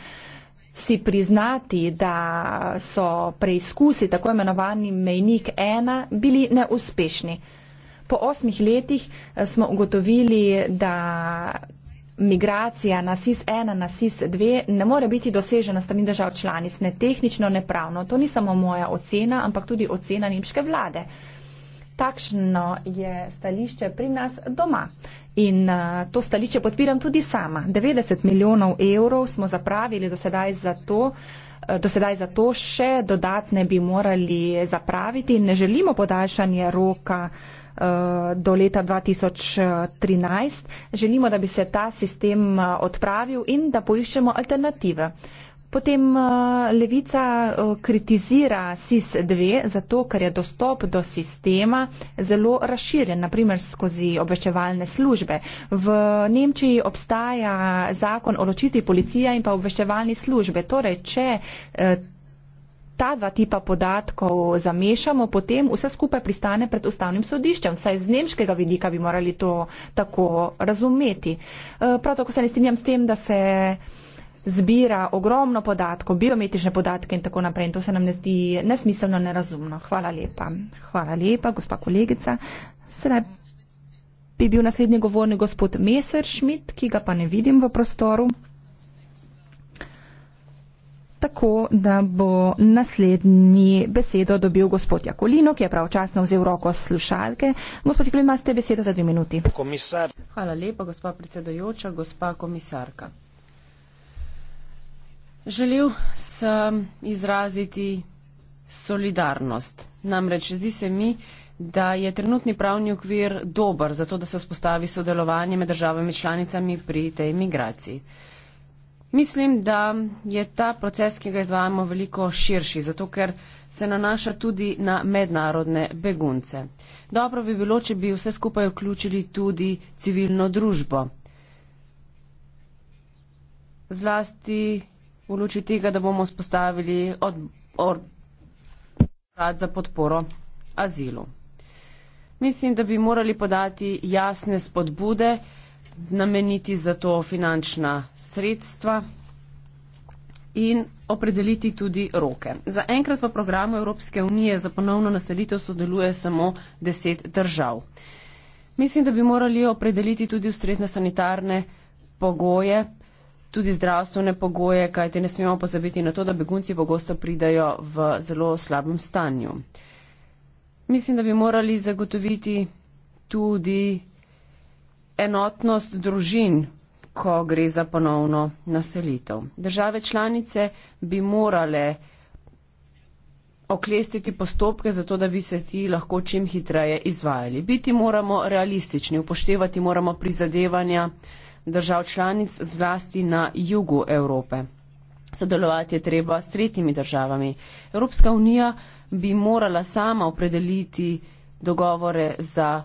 Speaker 1: si priznati, da so preizkusi tako imenovani mejnik ena bili neuspešni. Po osmih letih eh, smo ugotovili, da migracija na SIS-1, na SIS-2 ne more biti dosežena strani držav članic, ne tehnično, ne pravno. To ni samo moja ocena, ampak tudi ocena nemške vlade. Takšno je stališče pri nas doma. In uh, to stališče podpiram tudi sama. 90 milijonov evrov smo zapravili do sedaj za to, uh, Do sedaj za to še dodatne bi morali zapraviti in ne želimo podaljšanje roka uh, Eh, do leta 2013. Želimo, da bi se ta sistem eh, odpravil in da poiščemo alternative. Potem eh, levica kritizira SIS-2 zato, ker je dostop do sistema zelo razširjen, naprimer skozi obveščevalne službe. V Nemčiji obstaja zakon o ločitvi policija in pa obveščevalni službe. Torej, če ta dva tipa podatkov zamešamo, potem vse skupaj pristane pred ustavnim sodiščem. Vsaj z nemškega vidika bi morali to tako razumeti. E, prav tako se ne strinjam s tem, da se zbira ogromno podatkov, biometrične podatke in tako naprej. In to se nam ne zdi nesmiselno, nerazumno. Hvala lepa. Hvala lepa, gospa kolegica. Sedaj bi bil naslednji govornik gospod Messerschmidt, ki ga pa ne vidim v prostoru tako, da bo naslednji besedo dobil gospod Jakolino, ki je pravčasno vzel roko slušalke. Gospod Jakolino, imate besedo za dve minuti.
Speaker 2: Komisar. Hvala lepa, gospa predsedojoča, gospa komisarka. Želel sem izraziti solidarnost. Namreč zdi se mi, da je trenutni pravni okvir dober za to, da se vzpostavi sodelovanje med državami članicami pri tej migraciji. Mislim, da je ta proces, ki ga izvajamo, veliko širši, zato ker se nanaša tudi na mednarodne begunce. Dobro bi bilo, če bi vse skupaj vključili tudi civilno družbo. Zlasti v luči tega, da bomo spostavili odbor za podporo azilu. Mislim, da bi morali podati jasne spodbude, nameniti za to finančna sredstva in opredeliti tudi roke. Za enkrat v programu Evropske unije za ponovno naselitev sodeluje samo deset držav. Mislim, da bi morali opredeliti tudi ustrezne sanitarne pogoje, tudi zdravstvene pogoje, kajte ne smemo pozabiti na to, da begunci pogosto pridajo v zelo slabem stanju. Mislim, da bi morali zagotoviti tudi enotnost družin, ko gre za ponovno naselitev. Države članice bi morale oklestiti postopke, zato da bi se ti lahko čim hitreje izvajali. Biti moramo realistični, upoštevati moramo prizadevanja držav članic zlasti na jugu Evrope. Sodelovati je treba s tretjimi državami. Evropska unija bi morala sama opredeliti dogovore za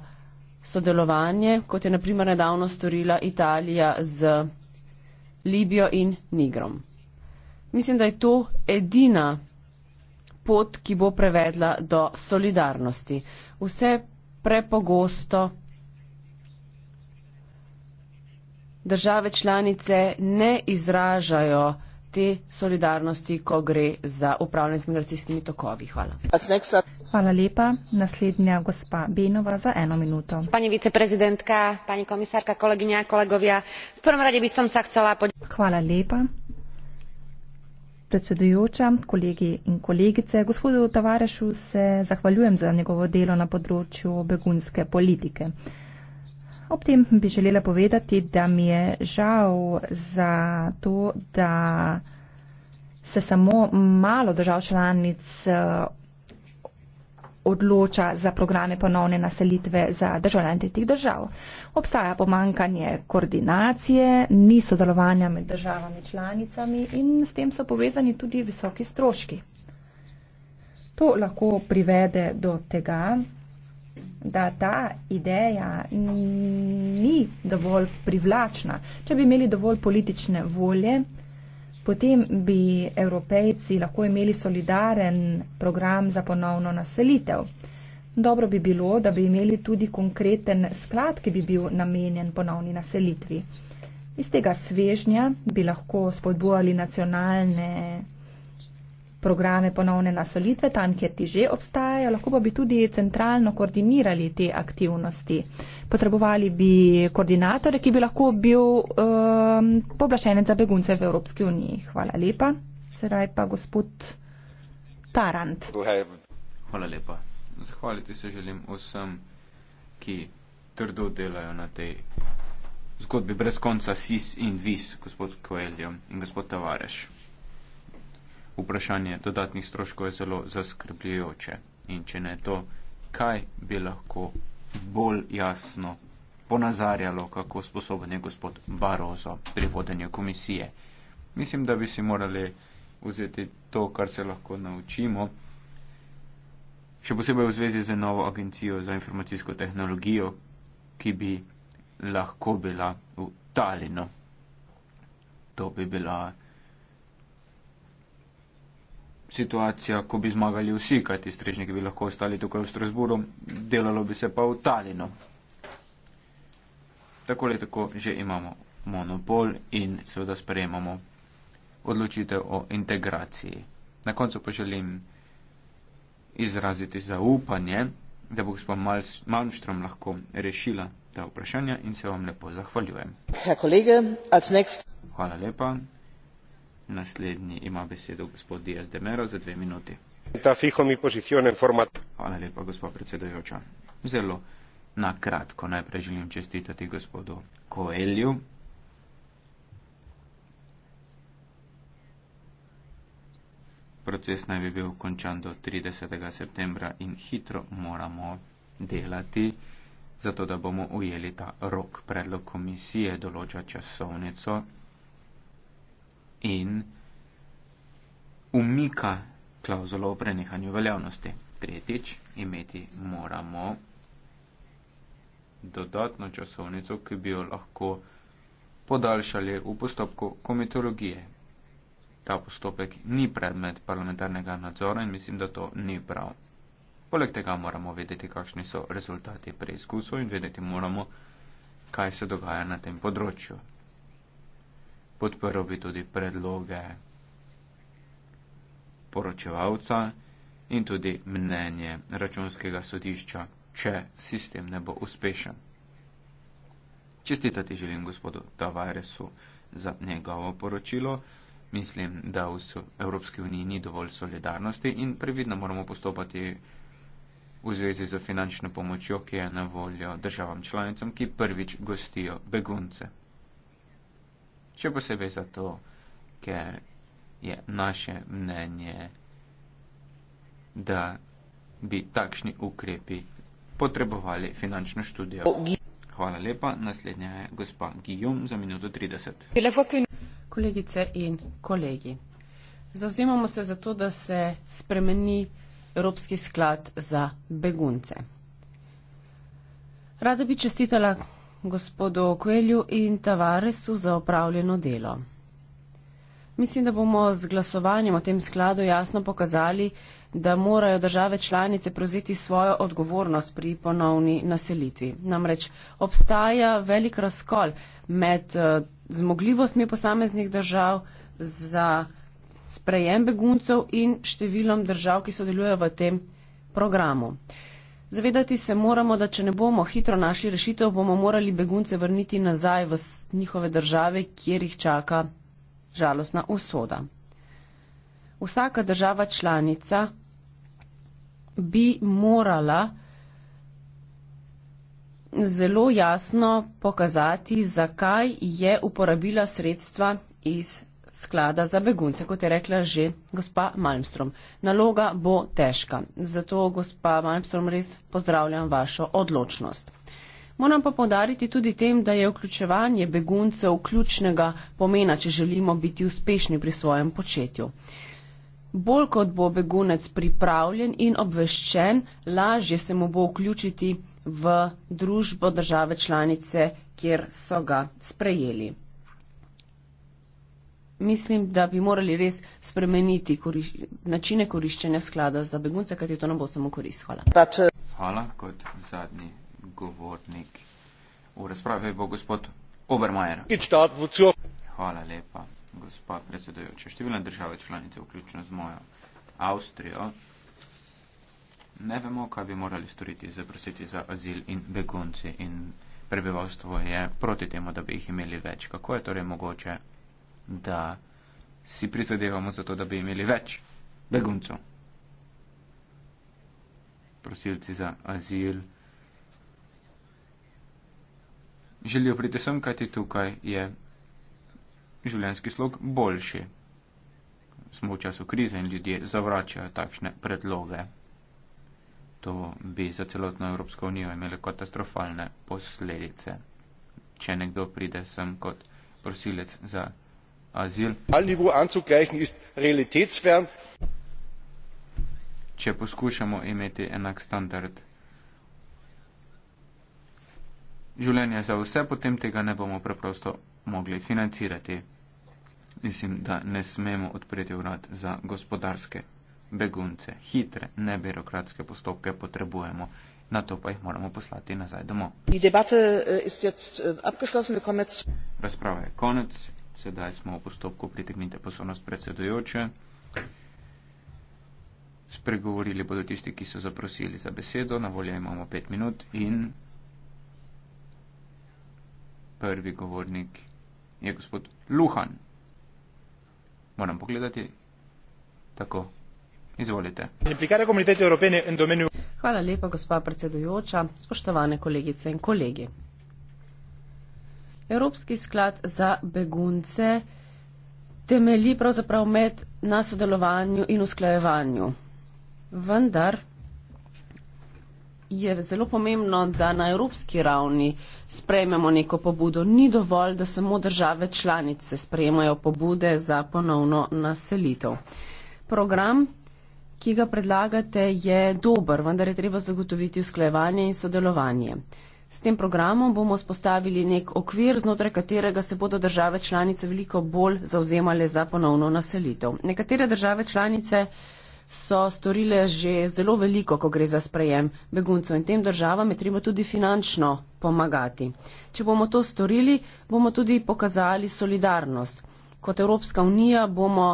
Speaker 2: sodelovanje, kot je naprimer nedavno storila Italija z Libijo in Nigrom. Mislim, da je to edina pot, ki bo prevedla do solidarnosti. Vse prepogosto države članice ne izražajo te solidarnosti, ko gre za upravljanje z migracijskimi tokovi. Hvala.
Speaker 1: Hvala lepa. Naslednja gospa Benova za eno minuto. Pani viceprezidentka, pani komisarka, kolegyňa, kolegovia, v prvom rade by som sa chcela podiť. Hvala lepa. Predsedujoča, kolegi in kolegice, gospodu Tavarešu se zahvaljujem za njegovo delo na področju begunske politike. Ob tem bi želela povedati, da mi je žal za to, da se samo malo držav članic eh, odloča za programe ponovne naselitve za državljane tretjih držav. Obstaja pomankanje koordinacije, ni sodelovanja med državami članicami in s tem so povezani tudi visoki stroški. To lahko privede do tega, da ta ideja ni dovolj privlačna. Če bi imeli dovolj politične volje, potem bi evropejci lahko imeli solidaren program za ponovno naselitev. Dobro bi bilo, da bi imeli tudi konkreten sklad, ki bi bil namenjen ponovni naselitvi. Iz tega svežnja bi lahko spodbojali nacionalne programe ponovne naselitve tam, kjer ti že obstajajo, lahko pa bi tudi centralno koordinirali te aktivnosti. Potrebovali bi koordinatore, ki bi lahko bil um, poblašenec za begunce v Evropski uniji. Hvala lepa. Sedaj pa gospod Tarant.
Speaker 3: Hvala lepa. Zahvaliti se želim vsem, ki trdo delajo na tej zgodbi brez konca SIS in VIS, gospod Koeljo in gospod Tavareš vprašanje dodatnih stroškov je zelo zaskrbljujoče. In če ne to, kaj bi lahko bolj jasno ponazarjalo, kako sposoben je gospod Barozo pri vodenju komisije. Mislim, da bi si morali vzeti to, kar se lahko naučimo, še posebej v zvezi z novo agencijo za informacijsko tehnologijo, ki bi lahko bila v Talinu. To bi bila situacija, ko bi zmagali vsi, kajti strežniki bi lahko ostali tukaj v Strasburu, delalo bi se pa v Talinu. Tako ali tako že imamo monopol in seveda sprejemamo odločitev o integraciji. Na koncu pa želim izraziti zaupanje, da bo gospod Malmström lahko rešila ta vprašanja in se vam lepo zahvaljujem. Herr kolege, als next... Hvala lepa. Naslednji ima besedo gospod Diaz de Mero za dve minuti. Hvala lepa, gospod predsedojoča. Zelo nakratko najprej želim čestitati gospodu Koelju. Proces naj bi bil končan do 30. septembra in hitro moramo delati, zato da bomo ujeli ta rok. Predlog komisije določa časovnico in umika klauzulo o prenehanju veljavnosti. Tretjič, imeti moramo dodatno časovnico, ki bi jo lahko podaljšali v postopku komitologije. Ta postopek ni predmet parlamentarnega nadzora in mislim, da to ni prav. Poleg tega moramo vedeti, kakšni so rezultati preizkusov in vedeti moramo, kaj se dogaja na tem področju podprl bi tudi predloge poročevalca in tudi mnenje računskega sodišča, če sistem ne bo uspešen. Čestitati želim gospodu Tavaresu za njegovo poročilo. Mislim, da v Evropski uniji ni dovolj solidarnosti in previdno moramo postopati v zvezi z finančno pomočjo, ki je na voljo državam članicam, ki prvič gostijo begunce. Še posebej zato, ker je naše mnenje, da bi takšni ukrepi potrebovali finančno študijo. Hvala lepa. Naslednja je gospa Gijum za minuto 30.
Speaker 2: Kolegice in kolegi, zauzimamo se za to, da se spremeni Evropski sklad za begunce. Rada bi čestitala gospodu Okvelju in Tavaresu za opravljeno delo. Mislim, da bomo z glasovanjem o tem skladu jasno pokazali, da morajo države članice prevzeti svojo odgovornost pri ponovni naselitvi. Namreč obstaja velik razkol med eh, zmogljivostmi posameznih držav za sprejem beguncev in številom držav, ki sodelujejo v tem programu. Zavedati se moramo, da če ne bomo hitro našli rešitev, bomo morali begunce vrniti nazaj v njihove države, kjer jih čaka žalostna usoda. Vsaka država članica bi morala zelo jasno pokazati, zakaj je uporabila sredstva iz sklada za begunce, kot je rekla že gospa Malmstrom. Naloga bo težka, zato gospa Malmstrom res pozdravljam vašo odločnost. Moram pa podariti tudi tem, da je vključevanje beguncev ključnega pomena, če želimo biti uspešni pri svojem početju. Bolj kot bo begunec pripravljen in obveščen, lažje se mu bo vključiti v družbo države članice, kjer so ga sprejeli mislim, da bi morali res spremeniti koriš načine koriščenja sklada za begunce, kajti to nam bo samo korist. Hvala. Pač, eh,
Speaker 3: Hvala kot zadnji govornik. V razpravi bo gospod Obermajer. Hvala lepa, gospa predsedujoča. Številne države članice, vključno z mojo Avstrijo, ne vemo, kaj bi morali storiti, zaprositi za azil in begunci. In prebivalstvo je proti temu, da bi jih imeli več. Kako je torej mogoče da si prizadevamo za to, da bi imeli več beguncev. Prosilci za azil želijo priti sem, kajti tukaj je življenjski slog boljši. Smo v času krize in ljudje zavračajo takšne predloge. To bi za celotno Evropsko unijo imele katastrofalne posledice, če nekdo pride sem kot prosilec za azil
Speaker 2: anzugleichen ist realitätsfern.
Speaker 3: Če poskušamo imeti enak standard življenja za vse, potem tega ne bomo preprosto mogli financirati. Mislim, da ne smemo odpreti vrat za gospodarske begunce. Hitre, nebirokratske postopke potrebujemo. Na to pa jih moramo poslati nazaj domov. Äh, äh, Razprava je konec. Sedaj smo v postopku pritegnite pozornost predsedujoče. Spregovorili bodo tisti, ki so zaprosili za besedo. Na voljo imamo pet minut in prvi govornik je gospod Luhan. Moram pogledati. Tako. Izvolite.
Speaker 2: Hvala lepa, gospa predsedujoča, spoštovane kolegice in kolegi. Evropski sklad za begunce temelji pravzaprav med na sodelovanju in usklajevanju. Vendar je zelo pomembno, da na evropski ravni sprejmemo neko pobudo. Ni dovolj, da samo države članice sprejmajo pobude za ponovno naselitev. Program, ki ga predlagate, je dober, vendar je treba zagotoviti usklajevanje in sodelovanje. S tem programom bomo spostavili nek okvir, znotraj katerega se bodo države članice veliko bolj zauzemale za ponovno naselitev. Nekatere države članice so storile že zelo veliko, ko gre za sprejem beguncev in tem državam je treba tudi finančno pomagati. Če bomo to storili, bomo tudi pokazali solidarnost. Kot Evropska unija bomo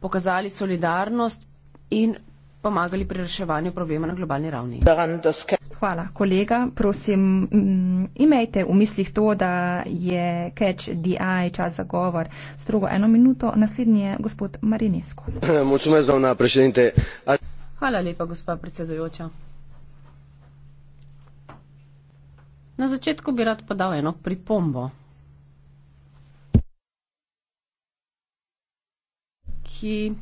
Speaker 2: pokazali solidarnost in pomagali pri reševanju problema na globalni ravni. Daran, da ske...
Speaker 1: Hvala, kolega. Prosim, mm, imejte v mislih to, da je catch the eye čas za govor. Strogo eno minuto, naslednji je gospod Marinesko.
Speaker 2: <clears throat> Mulțumesc, doamna președinte. A...
Speaker 1: Hvala lepa, gospa
Speaker 2: predsedujoča. Na začetku bi rad podal eno pripombo, ki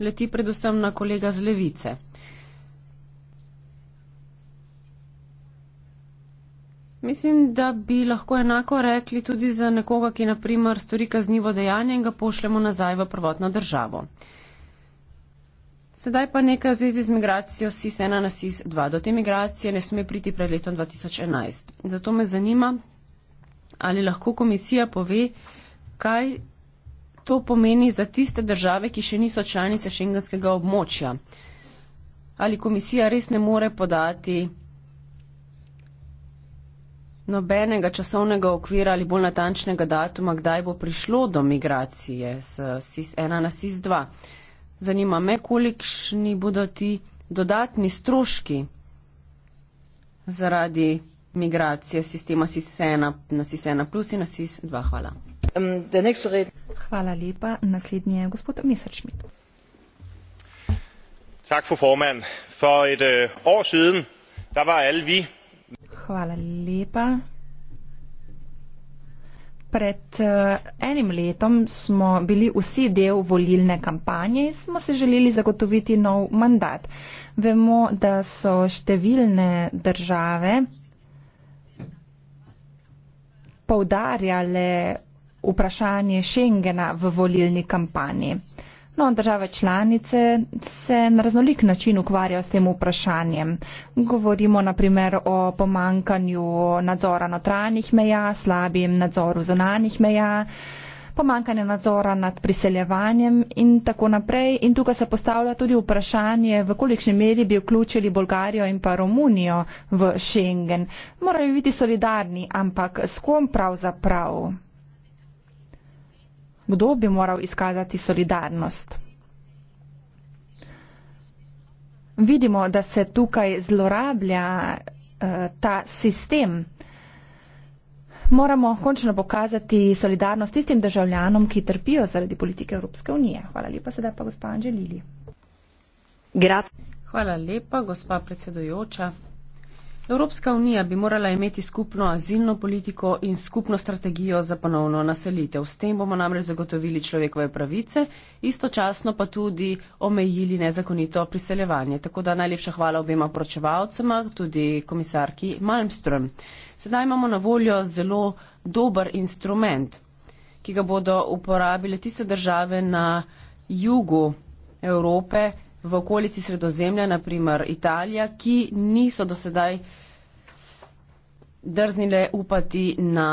Speaker 2: leti predvsem na kolega z levice. Mislim, da bi lahko enako rekli tudi za nekoga, ki naprimer stori kaznivo dejanje in ga pošljemo nazaj v prvotno državo. Sedaj pa nekaj v zvezi z migracijo SIS-1 na SIS-2. Do te migracije ne sme priti pred letom 2011. Zato me zanima, ali lahko komisija pove, kaj to pomeni za tiste države, ki še niso članice šengenskega območja. Ali komisija res ne more podati nobenega časovnega okvira ali bolj natančnega datuma, kdaj bo prišlo do migracije z SIS-1 na SIS-2. Zanima me, kolikšni bodo ti dodatni stroški zaradi migracije sistema SIS-1 na SIS-1 plus in na SIS-2. Hvala.
Speaker 1: Um, Hvala lepa. Naslednji je gospod Messerschmidt.
Speaker 3: Tak for formand. For et øh, år siden, der var alle vi
Speaker 1: Hvala lepa. Pred eh, enim letom smo bili vsi del volilne kampanje in smo se želeli zagotoviti nov mandat. Vemo, da so številne države poudarjale vprašanje Schengena v volilni kampanji. No, države članice se na raznolik način ukvarjajo s tem vprašanjem. Govorimo naprimer o pomankanju nadzora notranjih meja, slabim nadzoru zonanih meja, pomankanju nadzora nad priseljevanjem in tako naprej. In tukaj se postavlja tudi vprašanje, v kolikšni meri bi vključili Bolgarijo in pa Romunijo v Schengen. Morajo biti solidarni, ampak s kom pravzaprav? Prav? Kdo bi moral izkazati solidarnost? Vidimo, da se tukaj zlorablja eh, ta sistem. Moramo končno pokazati solidarnost tistim državljanom, ki trpijo zaradi politike Evropske unije. Hvala lepa sedaj pa gospa Anželili. Grat.
Speaker 2: Hvala lepa, gospa predsedujoča. Evropska unija bi morala imeti skupno azilno politiko in skupno strategijo za ponovno naselitev. S tem bomo namreč zagotovili človekove pravice, istočasno pa tudi omejili nezakonito priseljevanje. Tako da najlepša hvala obema poročevalcema, tudi komisarki Malmström. Sedaj imamo na voljo zelo dober instrument, ki ga bodo uporabile tiste države na jugu Evrope, v okolici sredozemlja, naprimer Italija, ki niso dosedaj drznile upati na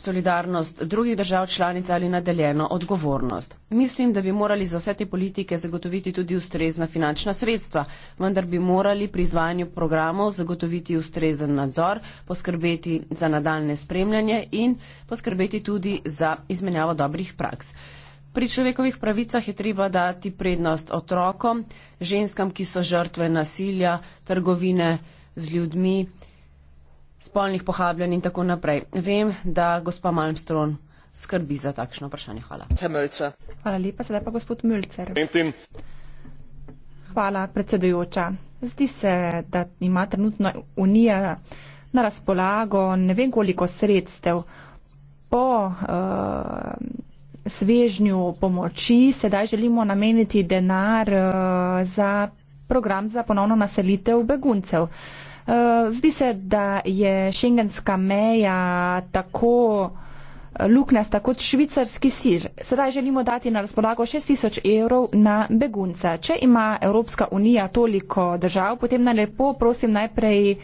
Speaker 2: solidarnost drugih držav članic ali nadaljeno odgovornost. Mislim, da bi morali za vse te politike zagotoviti tudi ustrezna finančna sredstva, vendar bi morali pri izvajanju programov zagotoviti ustrezen nadzor, poskrbeti za nadaljne spremljanje in poskrbeti tudi za izmenjavo dobrih praks. Pri človekovih pravicah je treba dati prednost otrokom, ženskam, ki so žrtve nasilja, trgovine z ljudmi, spolnih pohabljanj in tako naprej. Vem, da gospa Malmström skrbi za takšno vprašanje. Hvala. Hvala
Speaker 1: lepa, sedaj pa gospod Mülcer. Hvala, predsedujoča. Zdi se, da ima trenutno Unija na razpolago ne vem koliko sredstev po. Uh, svežnju pomoči. Sedaj želimo nameniti denar eh, za program za ponovno naselitev beguncev. Eh, zdi se, da je šengenska meja tako eh, luknjasta kot švicarski sir. Sedaj želimo dati na razpolago 6000 evrov na begunca. Če ima Evropska unija toliko držav, potem naj lepo prosim najprej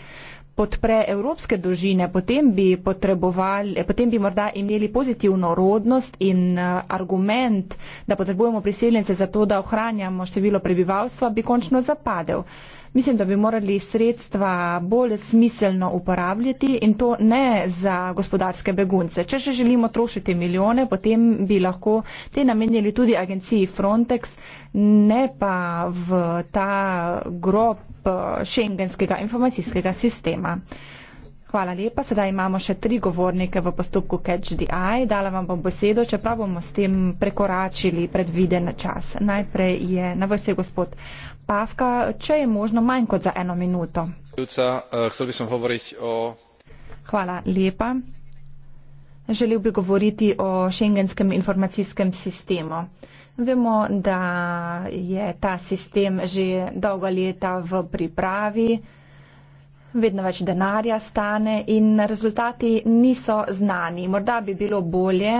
Speaker 1: podpre evropske družine, potem bi, potem bi morda imeli pozitivno rodnost in eh, argument, da potrebujemo priseljence za to, da ohranjamo število prebivalstva, bi končno zapadel mislim, da bi morali sredstva bolj smiselno uporabljati in to ne za gospodarske begunce. Če še želimo trošiti milijone, potem bi lahko te namenili tudi agenciji Frontex, ne pa v ta grob eh, šengenskega informacijskega sistema. Hvala lepa. Sedaj imamo še tri govornike v postopku Catch the Eye. Dala vam bom besedo, čeprav bomo s tem prekoračili predviden čas. Najprej je na vrsti gospod Pavka, če je možno manj kot za eno minuto.
Speaker 3: Eh,
Speaker 1: Hvala lepa. Želel bi govoriti o šengenskem informacijskem sistemu. Vemo, da je ta sistem že dolga leta v pripravi, vedno več denarja stane in rezultati niso znani. Morda bi bilo bolje,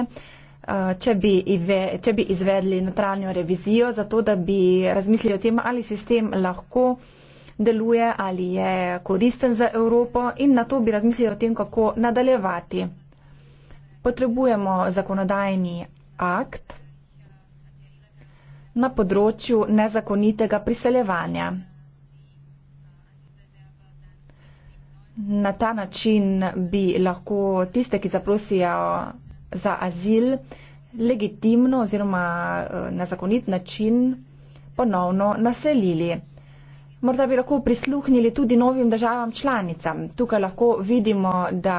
Speaker 1: Eh, če bi, ive, če bi izvedli notranjo revizijo, zato da bi razmislili o tem, ali sistem lahko deluje, ali je koristen za Evropo in na to bi razmislili o tem, kako nadaljevati. Potrebujemo zakonodajni akt na področju nezakonitega priseljevanja. Na ta način bi lahko tiste, ki zaprosijo za azil legitimno oziroma eh, na zakonit način ponovno naselili. Morda bi lahko prisluhnili tudi novim državam članicam. Tukaj lahko vidimo, da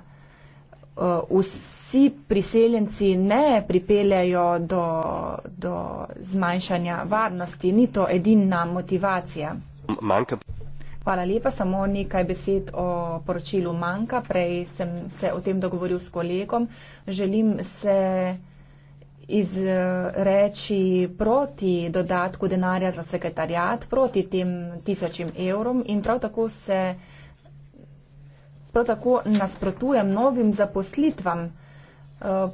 Speaker 1: eh, vsi priseljenci ne pripeljajo do, do zmanjšanja varnosti. Ni to edina motivacija. Manjka Hvala lepa. Samo nekaj besed o poročilu manjka. Prej sem se o tem dogovoril s kolegom. Želim se izreči proti dodatku denarja za sekretarjat, proti tem tisočim evrom in prav tako se. Prav tako nasprotujem novim zaposlitvam. Eh,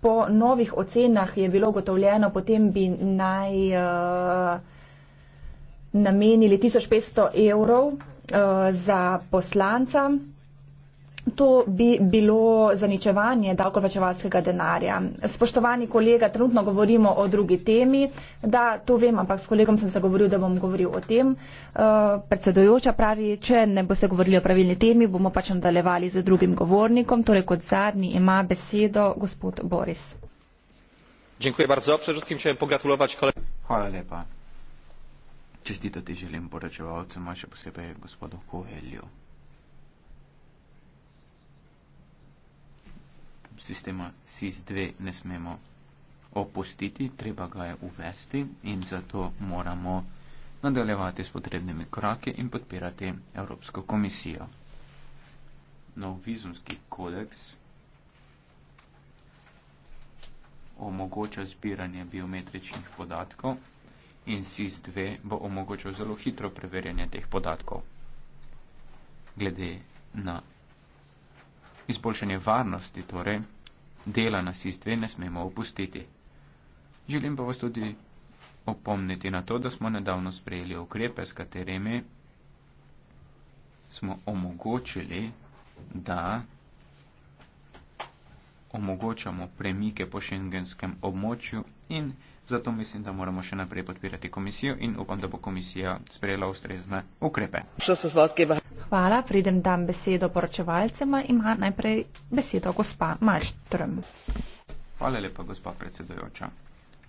Speaker 1: po novih ocenah je bilo gotovljeno, potem bi naj. Uh, namenili 1500 evrov eh, za poslanca. To bi bilo zaničevanje davkoplačevalskega denarja. Spoštovani kolega, trenutno govorimo o drugi temi. Da, to vem, ampak s kolegom sem se govoril, da bom govoril o tem. Eh, Predsedojoča pravi, če ne boste govorili o pravilni temi, bomo pač nadaljevali z drugim govornikom. Torej kot zadnji ima besedo gospod Boris.
Speaker 3: Hvala lepa. Čestitati želim poročevalcem, še posebej gospodu Koelju. Sistema SIS-2 ne smemo opustiti, treba ga je uvesti in zato moramo nadaljevati s potrebnimi korake in podpirati Evropsko komisijo. Nov vizumski kodeks omogoča zbiranje biometričnih podatkov in SIS-2 bo omogočil zelo hitro preverjanje teh podatkov. Glede na izboljšanje varnosti, torej dela na SIS-2 ne smemo opustiti. Želim pa vas tudi opomniti na to, da smo nedavno sprejeli ukrepe, s katerimi smo omogočili, da omogočamo premike po šengenskem območju in Zato mislim, da moramo še naprej podpirati komisijo in upam, da bo komisija sprejela ustrezne ukrepe.
Speaker 1: Hvala, pridem dam besedo poročevalcema. Ima najprej besedo gospa Malštrm.
Speaker 3: Hvala lepa, gospa predsedojoča.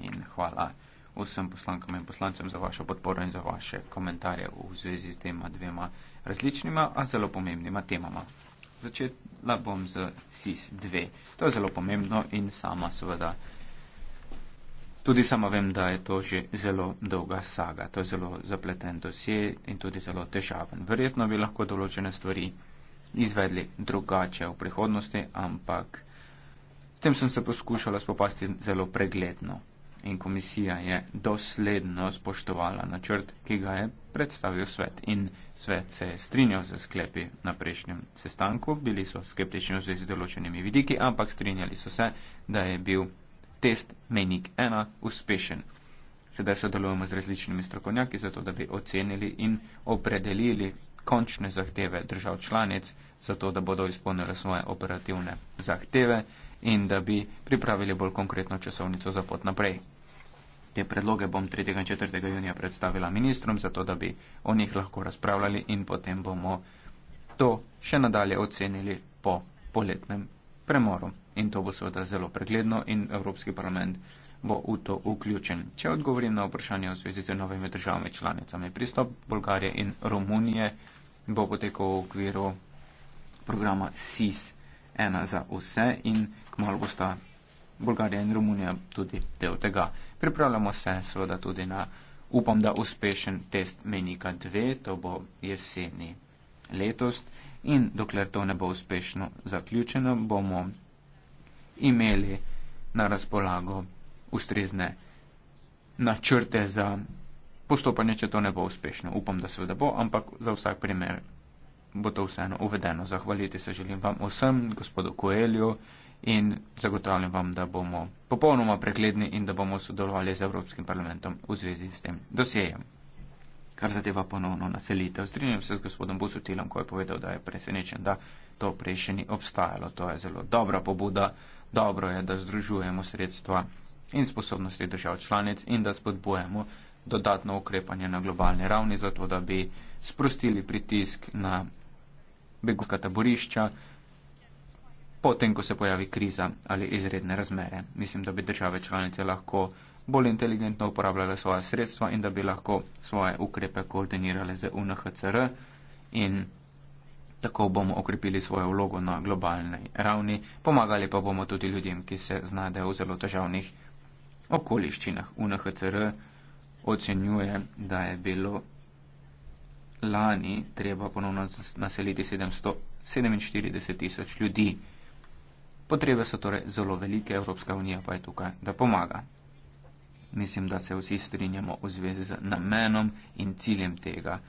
Speaker 3: In hvala vsem poslankam in poslancem za vašo podporo in za vaše komentarje v zvezi s tema dvema različnima, a zelo pomembnima temama. Začela bom z SIS-2. To je zelo pomembno in sama seveda Tudi sama vem, da je to že zelo dolga saga, to je zelo zapleten dosje in tudi zelo težaven. Verjetno bi lahko določene stvari izvedli drugače v prihodnosti, ampak s tem sem se poskušala spopasti zelo pregledno in komisija je dosledno spoštovala načrt, ki ga je predstavil svet in svet se je strinjal z sklepi na prejšnjem sestanku, bili so skeptični v zvezi z določenimi vidiki, ampak strinjali so se, da je bil test menik 1 uspešen. Sedaj sodelujemo z različnimi strokovnjaki, zato da bi ocenili in opredelili končne zahteve držav članic, zato da bodo izpolnili svoje operativne zahteve in da bi pripravili bolj konkretno časovnico za pot naprej. Te predloge bom 3. in 4. junija predstavila ministrom, zato da bi o njih lahko razpravljali in potem bomo to še nadalje ocenili po poletnem premoru in to bo seveda zelo pregledno in Evropski parlament bo v to vključen. Če odgovorim na vprašanje v zvezi z novimi državami članicami, pristop Bolgarije in Romunije bo potekal v okviru programa SIS ena za vse in kmalo bosta Bolgarija in Romunija tudi del tega. Pripravljamo se seveda tudi na, upam, da uspešen test menika 2, to bo jeseni letos in dokler to ne bo uspešno zaključeno, bomo imeli na razpolago ustrezne načrte za postopanje, če to ne bo uspešno. Upam, da seveda bo, ampak za vsak primer bo to vseeno uvedeno. Zahvaliti se želim vam vsem, gospodu Koelju, in zagotavljam vam, da bomo popolnoma pregledni in da bomo sodelovali z Evropskim parlamentom v zvezi s tem dosjejem. Kar zadeva ponovno naselitev. Strinjam se z gospodom Busutilom, ko je povedal, da je presenečen, da to prej še ni obstajalo. To je zelo dobra pobuda dobro je, da združujemo sredstva in sposobnosti držav članic in da spodbujamo dodatno ukrepanje na globalni ravni, zato da bi sprostili pritisk na begunska taborišča, potem, ko se pojavi kriza ali izredne razmere. Mislim, da bi države članice lahko bolj inteligentno uporabljale svoje sredstva in da bi lahko svoje ukrepe koordinirale z UNHCR in Tako bomo okrepili svojo vlogo na globalni ravni, pomagali pa bomo tudi ljudem, ki se znajdejo v zelo težavnih okoliščinah. UNHCR ocenjuje, da je bilo lani treba ponovno naseliti 747 tisoč ljudi. Potrebe so torej zelo velike, Evropska unija pa je tukaj, da pomaga. Mislim, da se vsi strinjamo v zvezi z namenom in ciljem tega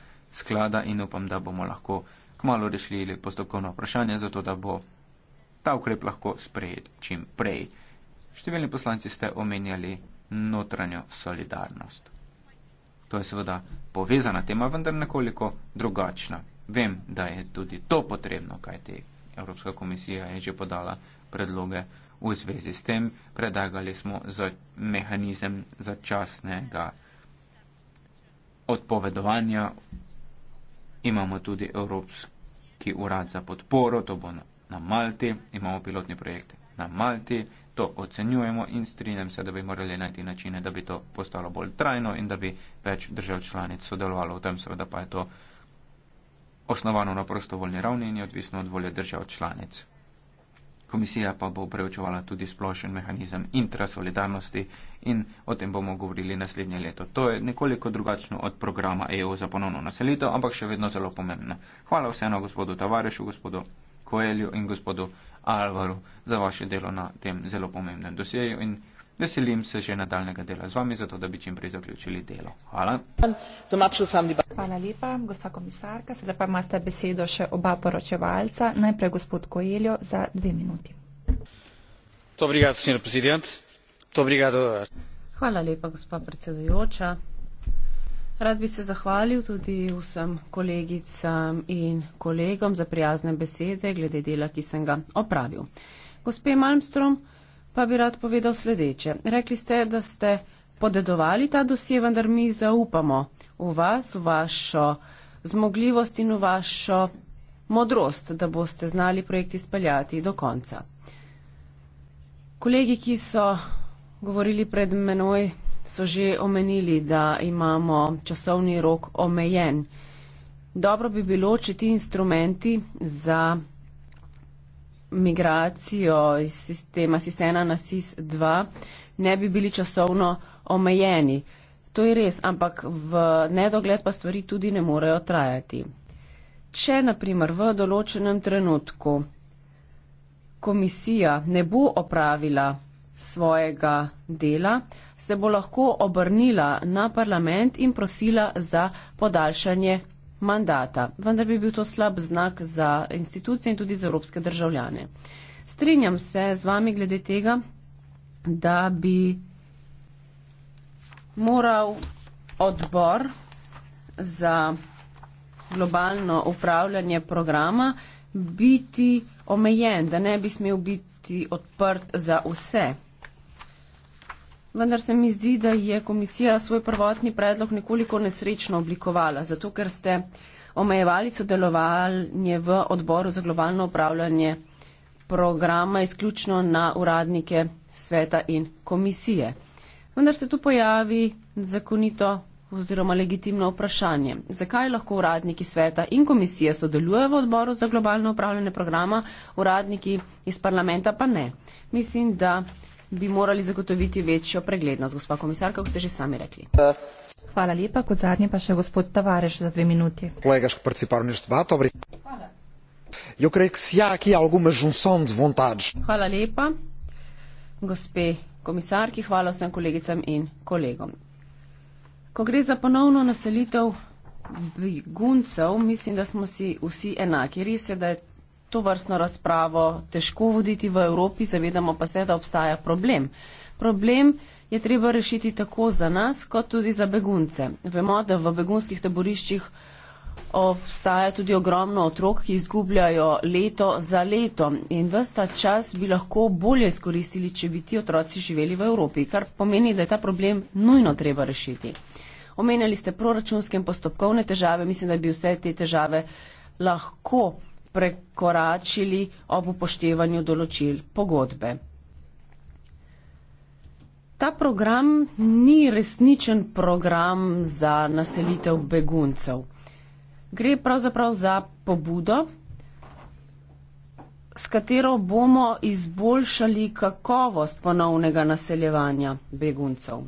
Speaker 3: sklada in upam, da bomo lahko kmalo rešili postopkovno vprašanje, zato da bo ta ukrep lahko sprejet čim prej. Številni poslanci ste omenjali notranjo solidarnost. To je seveda povezana tema, vendar nekoliko drugačna. Vem, da je tudi to potrebno, kaj te Evropska komisija je že podala predloge v zvezi s tem. Predagali smo za mehanizem začasnega odpovedovanja Imamo tudi Evropski urad za podporo, to bo na Malti, imamo pilotni projekt na Malti, to ocenjujemo in strinjam se, da bi morali najti načine, da bi to postalo bolj trajno in da bi več držav članic sodelovalo v tem, seveda pa je to osnovano na prostovoljni ravni in je odvisno od volje držav članic. Komisija pa bo preučevala tudi splošen mehanizem intrasolidarnosti in o tem bomo govorili naslednje leto. To je nekoliko drugačno od programa EU za ponovno naselitev, ampak še vedno zelo pomembno. Hvala vseeno gospodu Tavarešu, gospodu Koelju in gospodu Alvaru za vaše delo na tem zelo pomembnem dosjeju in Veselim se že nadaljnega dela z vami, zato da bi čim prej zaključili delo. Hvala. Hvala
Speaker 1: lepa, gospa komisarka. Sedaj pa imate besedo še oba poročevalca. Najprej gospod Koeljo za dve
Speaker 3: minuti.
Speaker 2: Hvala lepa, gospa predsedujoča. Rad bi se zahvalil tudi vsem kolegicam in kolegom za prijazne besede glede dela, ki sem ga opravil. Gospe Malmstrom, pa bi rad povedal sledeče. Rekli ste, da ste podedovali ta dosje, vendar mi zaupamo v vas, v vašo zmogljivost in v vašo modrost, da boste znali projekt izpeljati do konca. Kolegi, ki so govorili pred menoj, so že omenili, da imamo časovni rok omejen. Dobro bi bilo, če ti instrumenti za migracijo iz sistema SIS-1 na SIS-2 ne bi bili časovno omejeni. To je res, ampak v nedogled pa stvari tudi ne morejo trajati. Če naprimer v določenem trenutku komisija ne bo opravila svojega dela, se bo lahko obrnila na parlament in prosila za podaljšanje mandata. Vendar bi bil to slab znak za institucije in tudi za evropske državljane. Strinjam se z vami glede tega, da bi moral odbor za globalno upravljanje programa biti omejen, da ne bi smel biti odprt za vse. Vendar se mi zdi, da je komisija svoj prvotni predlog nekoliko nesrečno oblikovala, zato ker ste omejevali sodelovanje v odboru za globalno upravljanje programa izključno na uradnike sveta in komisije. Vendar se tu pojavi zakonito oziroma legitimno vprašanje. Zakaj lahko uradniki sveta in komisije sodelujejo v odboru za globalno upravljanje programa, uradniki iz parlamenta pa ne? Mislim, da bi morali zagotoviti večjo preglednost. Gospa komisarka, kot ste že sami rekli.
Speaker 1: Hvala lepa. Kot zadnji pa še gospod Tavareš za dve minuti.
Speaker 3: Kolegaš, ki participar v nešteva, dobri. Hvala. Jaz krejk si ja, ki je alguma žunson dvontaž.
Speaker 2: Hvala lepa. Gospe komisarki, hvala vsem kolegicam in kolegom. Ko gre za ponovno naselitev beguncev, mislim, da smo si vsi enaki. Res je, da je to vrstno razpravo težko voditi v Evropi, zavedamo pa se, da obstaja problem. Problem je treba rešiti tako za nas, kot tudi za begunce. Vemo, da v begunskih taboriščih obstaja tudi ogromno otrok, ki izgubljajo leto za leto in vsta čas bi lahko bolje izkoristili, če bi ti otroci živeli v Evropi, kar pomeni, da je ta problem nujno treba rešiti. Omenjali ste proračunske in postopkovne težave, mislim, da bi vse te težave lahko prekoračili ob upoštevanju določil pogodbe. Ta program ni resničen program za naselitev beguncev. Gre pravzaprav za pobudo, s katero bomo izboljšali kakovost ponovnega naseljevanja beguncev.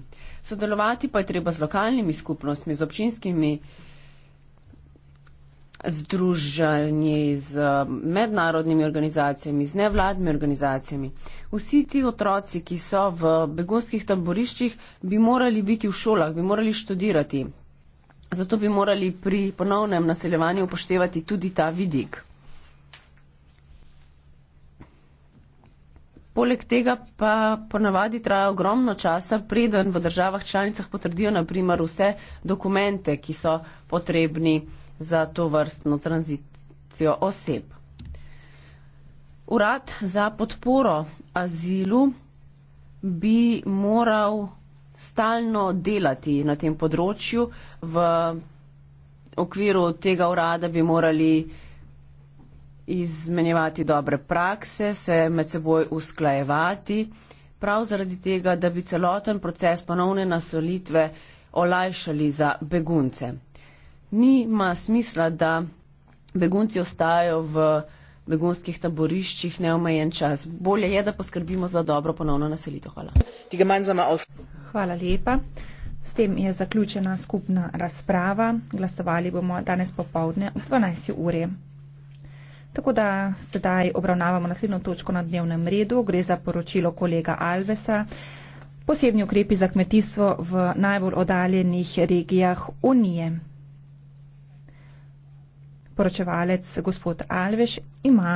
Speaker 2: Sodelovati pa je treba z lokalnimi skupnostmi, z občinskimi skupnostmi, združanji z mednarodnimi organizacijami, z nevladnimi organizacijami. Vsi ti otroci, ki so v begunskih taboriščih, bi morali biti v šolah, bi morali študirati. Zato bi morali pri ponovnem naseljevanju upoštevati tudi ta vidik. Poleg tega pa ponavadi traja ogromno časa, preden v državah članicah potrdijo naprimer vse dokumente, ki so potrebni za to vrstno tranzicijo oseb. Urad za podporo azilu bi moral stalno delati na tem področju. V okviru tega urada bi morali izmenjevati dobre prakse, se med seboj usklajevati, prav zaradi tega, da bi celoten proces ponovne nasolitve olajšali za begunce nima smisla, da begunci ostajajo v begunskih taboriščih neomejen čas. Bolje je, da poskrbimo za dobro ponovno naselitev. Hvala. Hvala lepa.
Speaker 1: S tem je zaključena skupna razprava. Glasovali bomo danes popovdne ob 12. uri. Tako da sedaj obravnavamo naslednjo točko na dnevnem redu. Gre za poročilo kolega Alvesa. Posebni ukrepi za kmetijstvo v najbolj odaljenih regijah Unije poročevalec gospod Alveš ima